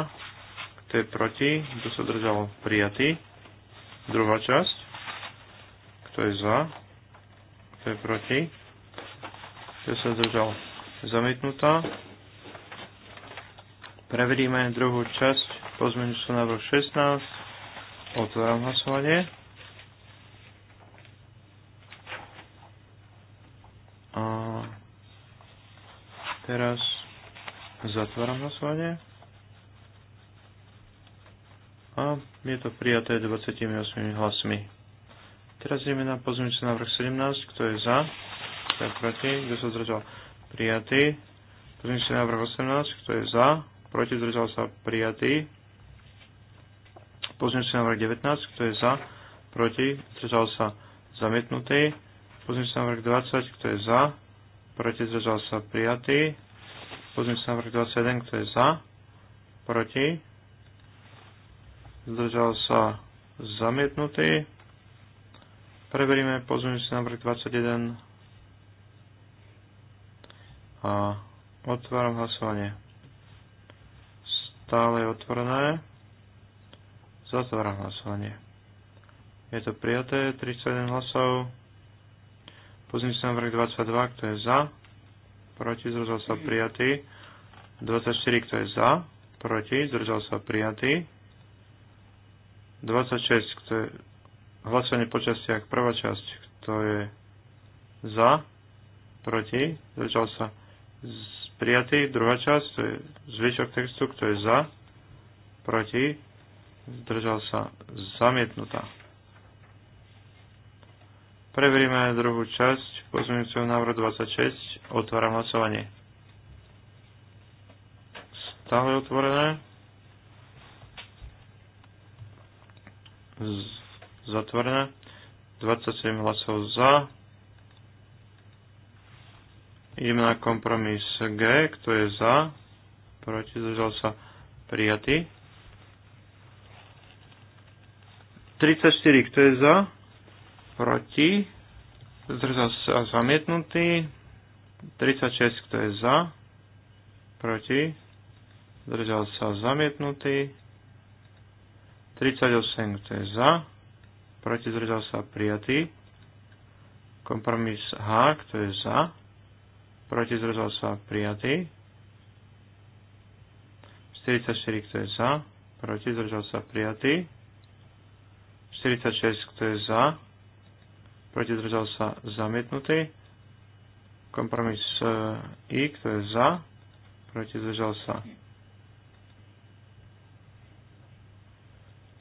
kto je proti, kto sa držal prijatý. Druhá časť, kto je za, kto je proti, kto sa držal zamietnutá. Preveríme druhú časť na vrch 16. Otváram hlasovanie. A teraz zatváram hlasovanie. A je to prijaté 28 hlasmi. Teraz ideme na pozmeňujúci návrh 17. Kto je za? Kto je proti? Kto sa zdržal? Prijatý. Pozmeňujúci návrh 18. Kto je za? Proti zdržal sa? Prijatý. Pozmeňujúci návrh 19, kto je za, proti, zdržal sa zamietnutý. Pozmeňujúci návrh 20, kto je za, proti, zdržal sa prijatý. Pozmeňujúci návrh 21, kto je za, proti, zdržal sa zamietnutý. Preveríme pozmeňujúci návrh 21 a otváram hlasovanie. Stále je otvorené. Zatváram hlasovanie. Je to prijaté, 31 hlasov. Pozním sa vrch 22, kto je za. Proti, zdržal sa prijatý. 24, kto je za. Proti, zdržal sa prijatý. 26, kto je hlasovanie po častiach. Prvá časť, kto je za. Proti, zdržal sa prijatý. Druhá časť, to je zvyšok textu, kto je za. Proti, zdržal sa, zamietnutá. Preveríme druhú časť pozmeňujúceho návrhu 26. Otváram hlasovanie. Stále otvorené. Z- zatvorené. 27 hlasov za. Ideme na kompromis G, kto je za, proti, zdržal sa, prijatý. 34, kto je za? Proti? Zdržal sa zamietnutý. 36, kto je za? Proti? Zdržal sa zamietnutý. 38, kto je za? Proti? Zdržal sa prijatý. Kompromis H, kto je za? Proti? Zdržal sa prijatý. 44, kto je za? Proti? Zdržal sa prijatý. 46, kto je za, proti zdržal sa zamietnutý. Kompromis eh, I, kto je za, proti zdržal sa.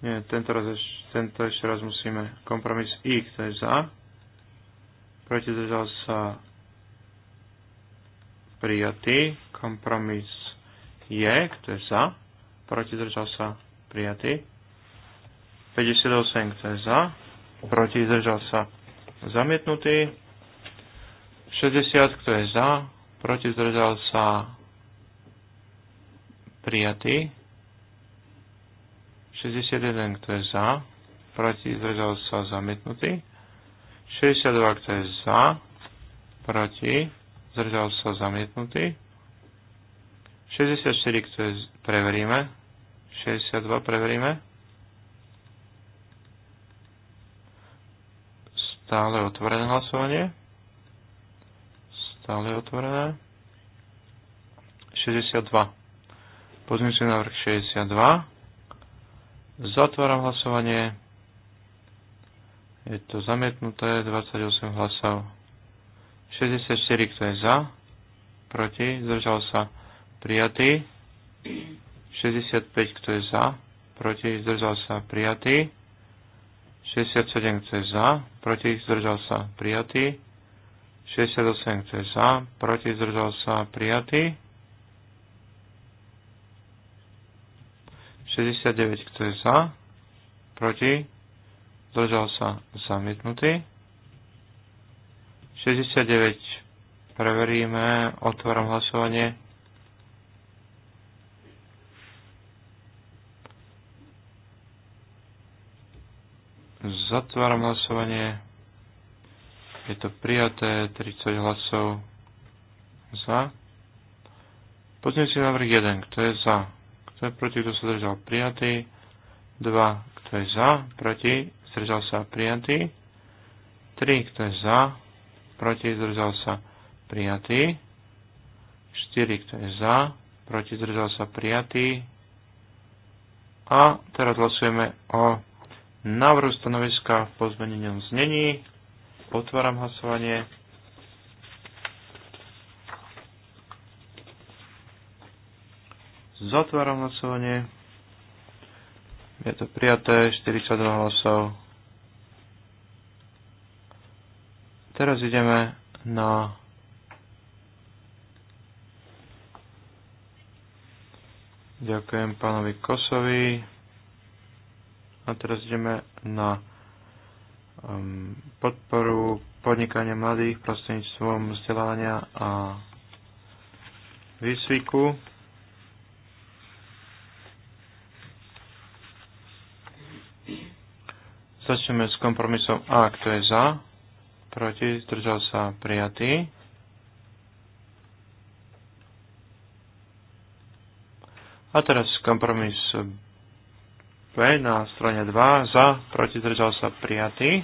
Nie, tento, raz, tento ešte raz musíme. Kompromis I, kto je za, proti zdržal sa prijatý. Kompromis je, kto je za, proti zdržal sa prijatý. 58, kto je za, proti, zdržal sa, zamietnutý. 60, kto je za, proti, zdržal sa, prijatý. 61, kto je za, proti, zdržal sa, zamietnutý. 62, kto je za, proti, zdržal sa, zamietnutý. 64, kto je, preveríme. 62, preveríme. Stále otvorené hlasovanie. Stále otvorené. 62. si návrh 62. Zatváram hlasovanie. Je to zamietnuté 28 hlasov. 64, kto je za, proti, zdržal sa, prijatý. 65, kto je za, proti, zdržal sa, prijatý. 67, kto je za, proti, zdržal sa, prijatý. 68, kto je za, proti, zdržal sa, prijatý. 69, kto je za, proti, zdržal sa, zamietnutý. 69, preveríme, otváram hlasovanie. Zatváram hlasovanie. Je to prijaté 30 hlasov za. si návrh 1. Kto je za? Kto je proti? Kto sa držal? Prijatý. 2. Kto je za? Proti? Zdržal sa? Prijatý. 3. Kto je za? Proti? Zdržal sa? Prijatý. 4. Kto je za? Proti? Zdržal sa? Prijatý. A teraz hlasujeme o návrhu stanoviska v pozmenenom znení. Otváram hlasovanie. Zatváram hlasovanie. Je to prijaté 42 hlasov. Teraz ideme na Ďakujem pánovi Kosovi. A teraz ideme na um, podporu podnikania mladých prostredníctvom vzdelávania a výsviku. Začneme s kompromisom A, kto je za, proti, zdržal sa prijatý. A teraz kompromis 5 na strane 2 za, proti zdržal sa prijatý.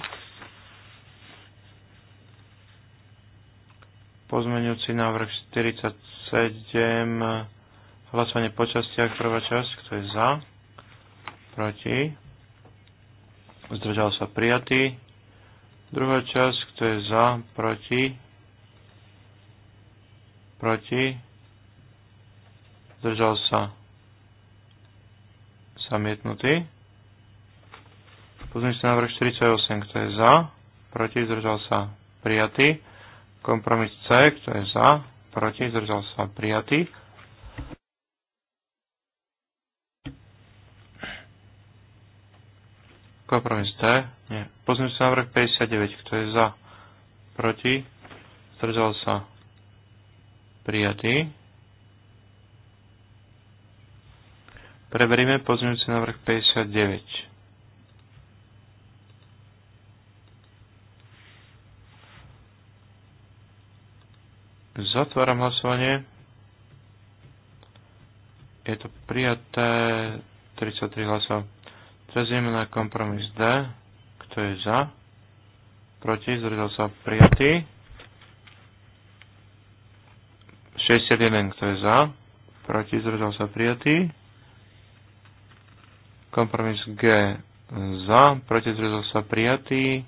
Pozmeňujúci návrh 47, hlasovanie po častiach, prvá časť, kto je za, proti, zdržal sa prijatý. Druhá časť, kto je za, proti, proti, zdržal sa prijatý Zamietnutý. na návrh 48, kto je za? Proti, zdržal sa. Prijatý. Kompromis C, kto je za? Proti, zdržal sa. Prijatý. Kompromis D? Nie. sa návrh 59, kto je za? Proti, zdržal sa. Prijatý. Preberíme pozmeňujúci návrh 59. Zatváram hlasovanie. Je to prijaté 33 hlasov. Teraz ideme na kompromis D. Kto je za? Proti? Zdržal sa prijatý. 61. Kto je za? Proti? Zdržal sa prijatý. Kompromis G za, proti zdržal sa prijatý.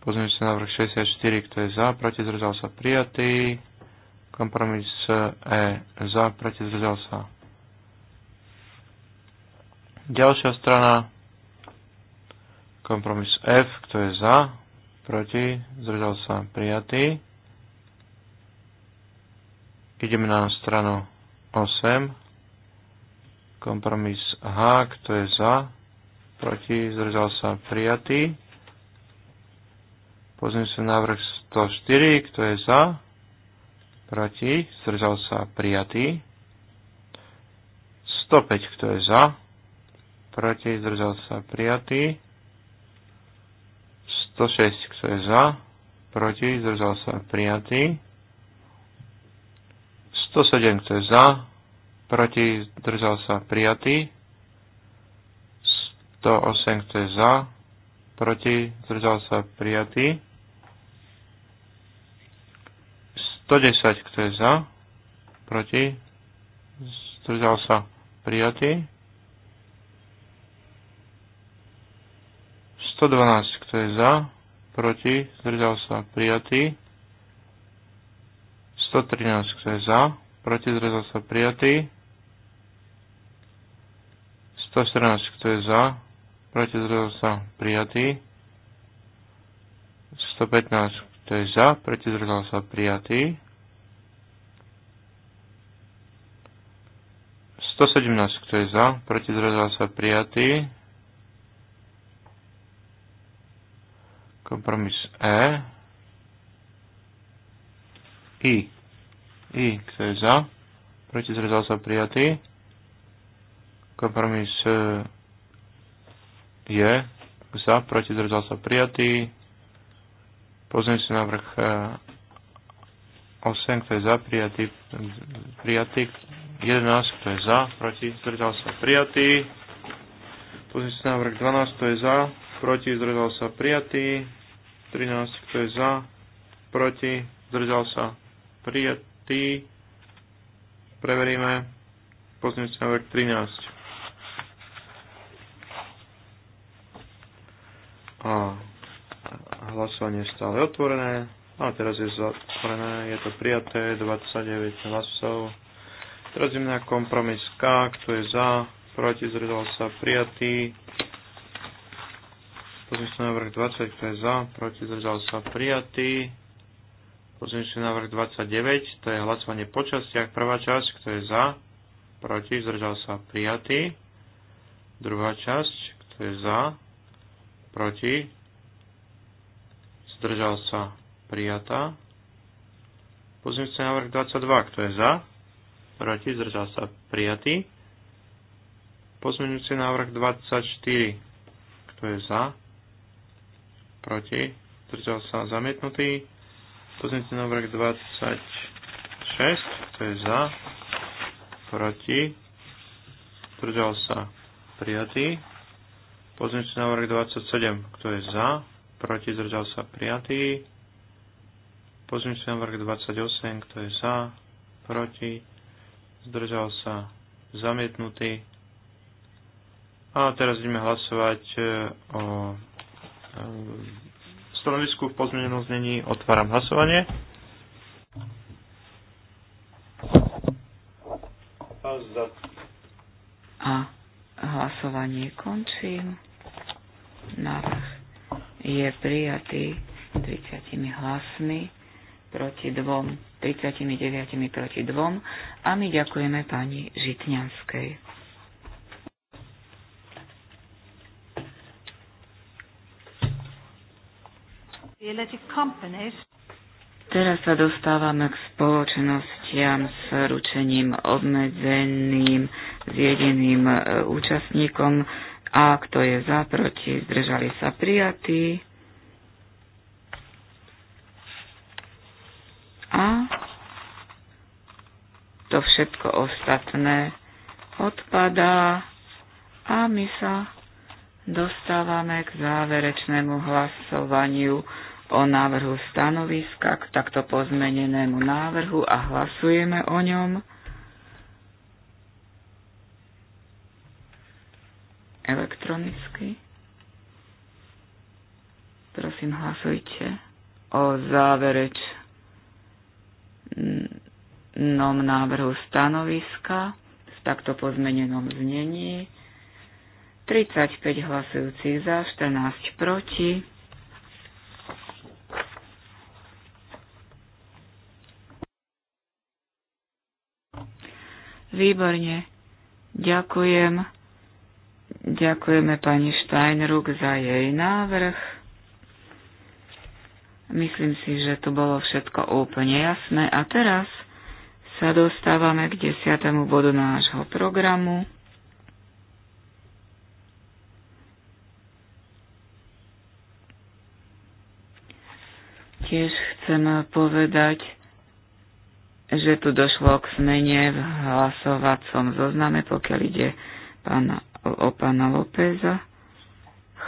Pozrieme sa návrh 64, kto je za, proti zdržal sa prijatý. Kompromis E za, proti zdržal sa. Ďalšia strana. Kompromis F, kto je za, proti, zdržal sa prijatý. Ideme na stranu 8. Kompromis H, kto je za, proti, zdržal sa prijatý. Pozriem sa návrh 104, kto je za, proti, zdržal sa prijatý. 105, kto je za, proti, zdržal sa prijatý. 106, kto je za, proti, zdržal sa prijatý. 107, kto je za, proti, zdržal sa prijatý. 108, kto je za, proti, zdržal sa prijatý. 110, kto je za, proti, zdržal sa prijatý. 112, kto je za, proti, zdržal sa prijatý. 113, kto je za, proti, zdržal sa prijatý. 114, kto je za, proti zdržal sa prijatý. 115, kto je za, proti zdržal sa prijatý. 117, kto je za, proti zdržal sa prijatý. Kompromis E. I. I, kto je za, proti zdržal sa prijatý. Kompromis e, je za, proti zdržal sa prijatý. Pozmeňujúci návrh 8, e, kto je za, prijatý, prijatý. 11, kto je za, proti zdržal sa prijatý. Pozmeňujúci návrh 12, kto je za, proti zdržal sa prijatý. 13, kto je za, proti, zdržal sa, prijatý, preveríme, pozmeňujúci návrh 13. A hlasovanie je stále otvorené. A teraz je zatvorené, je to prijaté, 29 hlasov. Teraz je na kompromis K, kto je za, proti, zredal sa, prijatý. Pozmeňujúci návrh 20, kto je za, proti, zdržal sa, prijatý. Pozmeňujúci návrh 29, to je hlasovanie po častiach. Prvá časť, kto je za, proti, zdržal sa, prijatý. Druhá časť, kto je za, proti, zdržal sa prijatá. Pozmeňujúci návrh 22, kto je za, proti, zdržal sa prijatý. Pozmeňujúci návrh 24, kto je za, proti, zdržal sa zamietnutý. Pozmeňujúci návrh 26, kto je za, proti, zdržal sa prijatý. Pozmeňujúci návrh 27. Kto je za? Proti zdržal sa prijatý. Pozmeňujúci návrh 28. Kto je za? Proti zdržal sa zamietnutý. A teraz ideme hlasovať e, o e, stanovisku v pozmenenom znení. Otváram hlasovanie. A hlasovanie končím. Návrh je prijatý 30 hlasmi proti dvom, 39 proti dvom a my ďakujeme pani Žitňanskej. Teraz sa dostávame k spoločnostiam s ručením obmedzeným, s jediným e, účastníkom a kto je za, proti, zdržali sa prijatí. A to všetko ostatné odpadá a my sa dostávame k záverečnému hlasovaniu o návrhu stanoviska k takto pozmenenému návrhu a hlasujeme o ňom. elektronicky. Prosím, hlasujte o záverečnom návrhu stanoviska v takto pozmenenom znení. 35 hlasujúcich za, 14 proti. Výborne. Ďakujem. Ďakujeme pani Steinruk za jej návrh. Myslím si, že to bolo všetko úplne jasné. A teraz sa dostávame k desiatému bodu nášho programu. Tiež chcem povedať, že tu došlo k zmene v hlasovacom zozname, pokiaľ ide pána o pána Lópeza,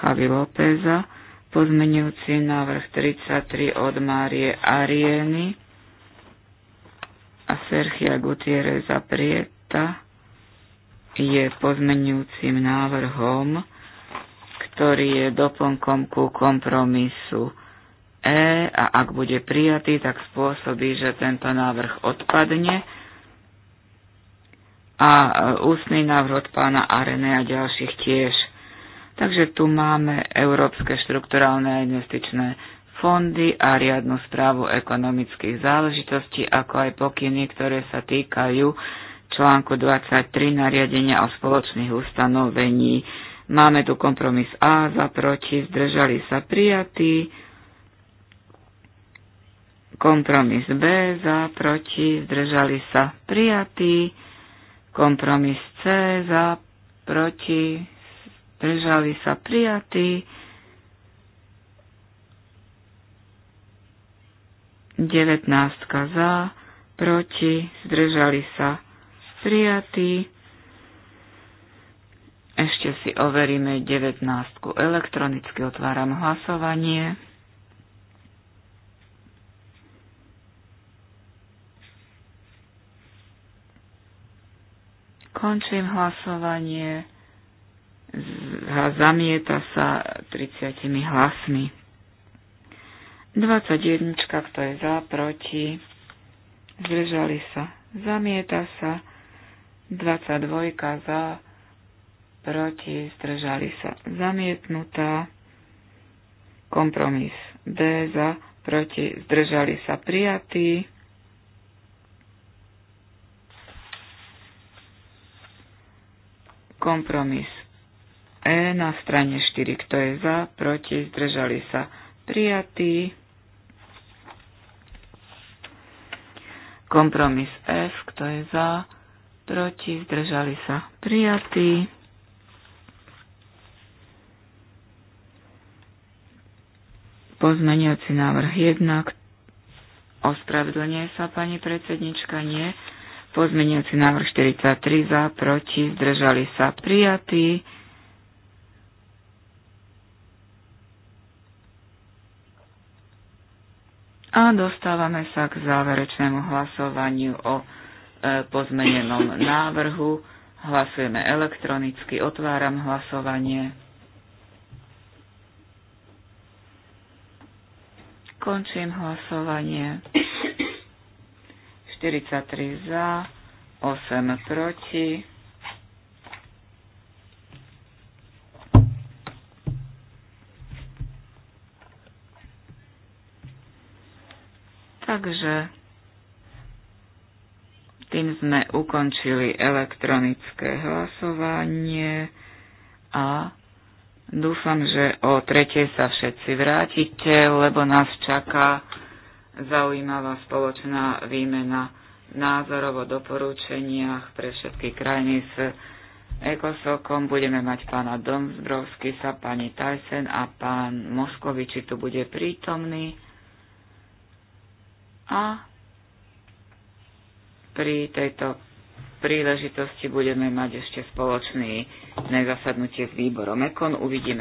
Chavi Lópeza, pozmenujúci návrh 33 od Márie Arieny a Sergia Gutierreza Prieta je pozmenujúcim návrhom, ktorý je doplnkom ku kompromisu E a ak bude prijatý, tak spôsobí, že tento návrh odpadne a e, ústny návrh pána Arene a ďalších tiež. Takže tu máme Európske štrukturálne a investičné fondy a riadnu správu ekonomických záležitostí, ako aj pokyny, ktoré sa týkajú článku 23 nariadenia o spoločných ustanovení. Máme tu kompromis A za proti, zdržali sa prijatí. Kompromis B za proti, zdržali sa prijatí Kompromis C za, proti, zdržali sa prijatí. 19 za, proti, zdržali sa prijatí. Ešte si overíme 19. Elektronicky otváram hlasovanie. Končím hlasovanie. Zamieta sa 30 hlasmi. 21, kto je za, proti, zdržali sa, zamieta sa, 22 za, proti, zdržali sa, zamietnutá, kompromis D za, proti, zdržali sa, prijatý, Kompromis E na strane 4. Kto je za, proti, zdržali sa prijatí. Kompromis F. Kto je za, proti, zdržali sa prijatí. Pozmeniaci návrh 1. Ospravedlňuje sa pani predsednička, nie. Pozmenujúci návrh 43 za, proti, zdržali sa prijatí. A dostávame sa k záverečnému hlasovaniu o e, pozmenenom návrhu. Hlasujeme elektronicky. Otváram hlasovanie. Končím hlasovanie. 43 za, 8 proti. Takže tým sme ukončili elektronické hlasovanie a dúfam, že o tretej sa všetci vrátite, lebo nás čaká zaujímavá spoločná výmena názorov o doporúčeniach pre všetky krajiny s Ekosokom. Budeme mať pána Domzbrovsky sa, pani Tyson a pán Moskoviči tu bude prítomný. A pri tejto príležitosti budeme mať ešte spoločný nezasadnutie s výborom Ekon. Uvidíme.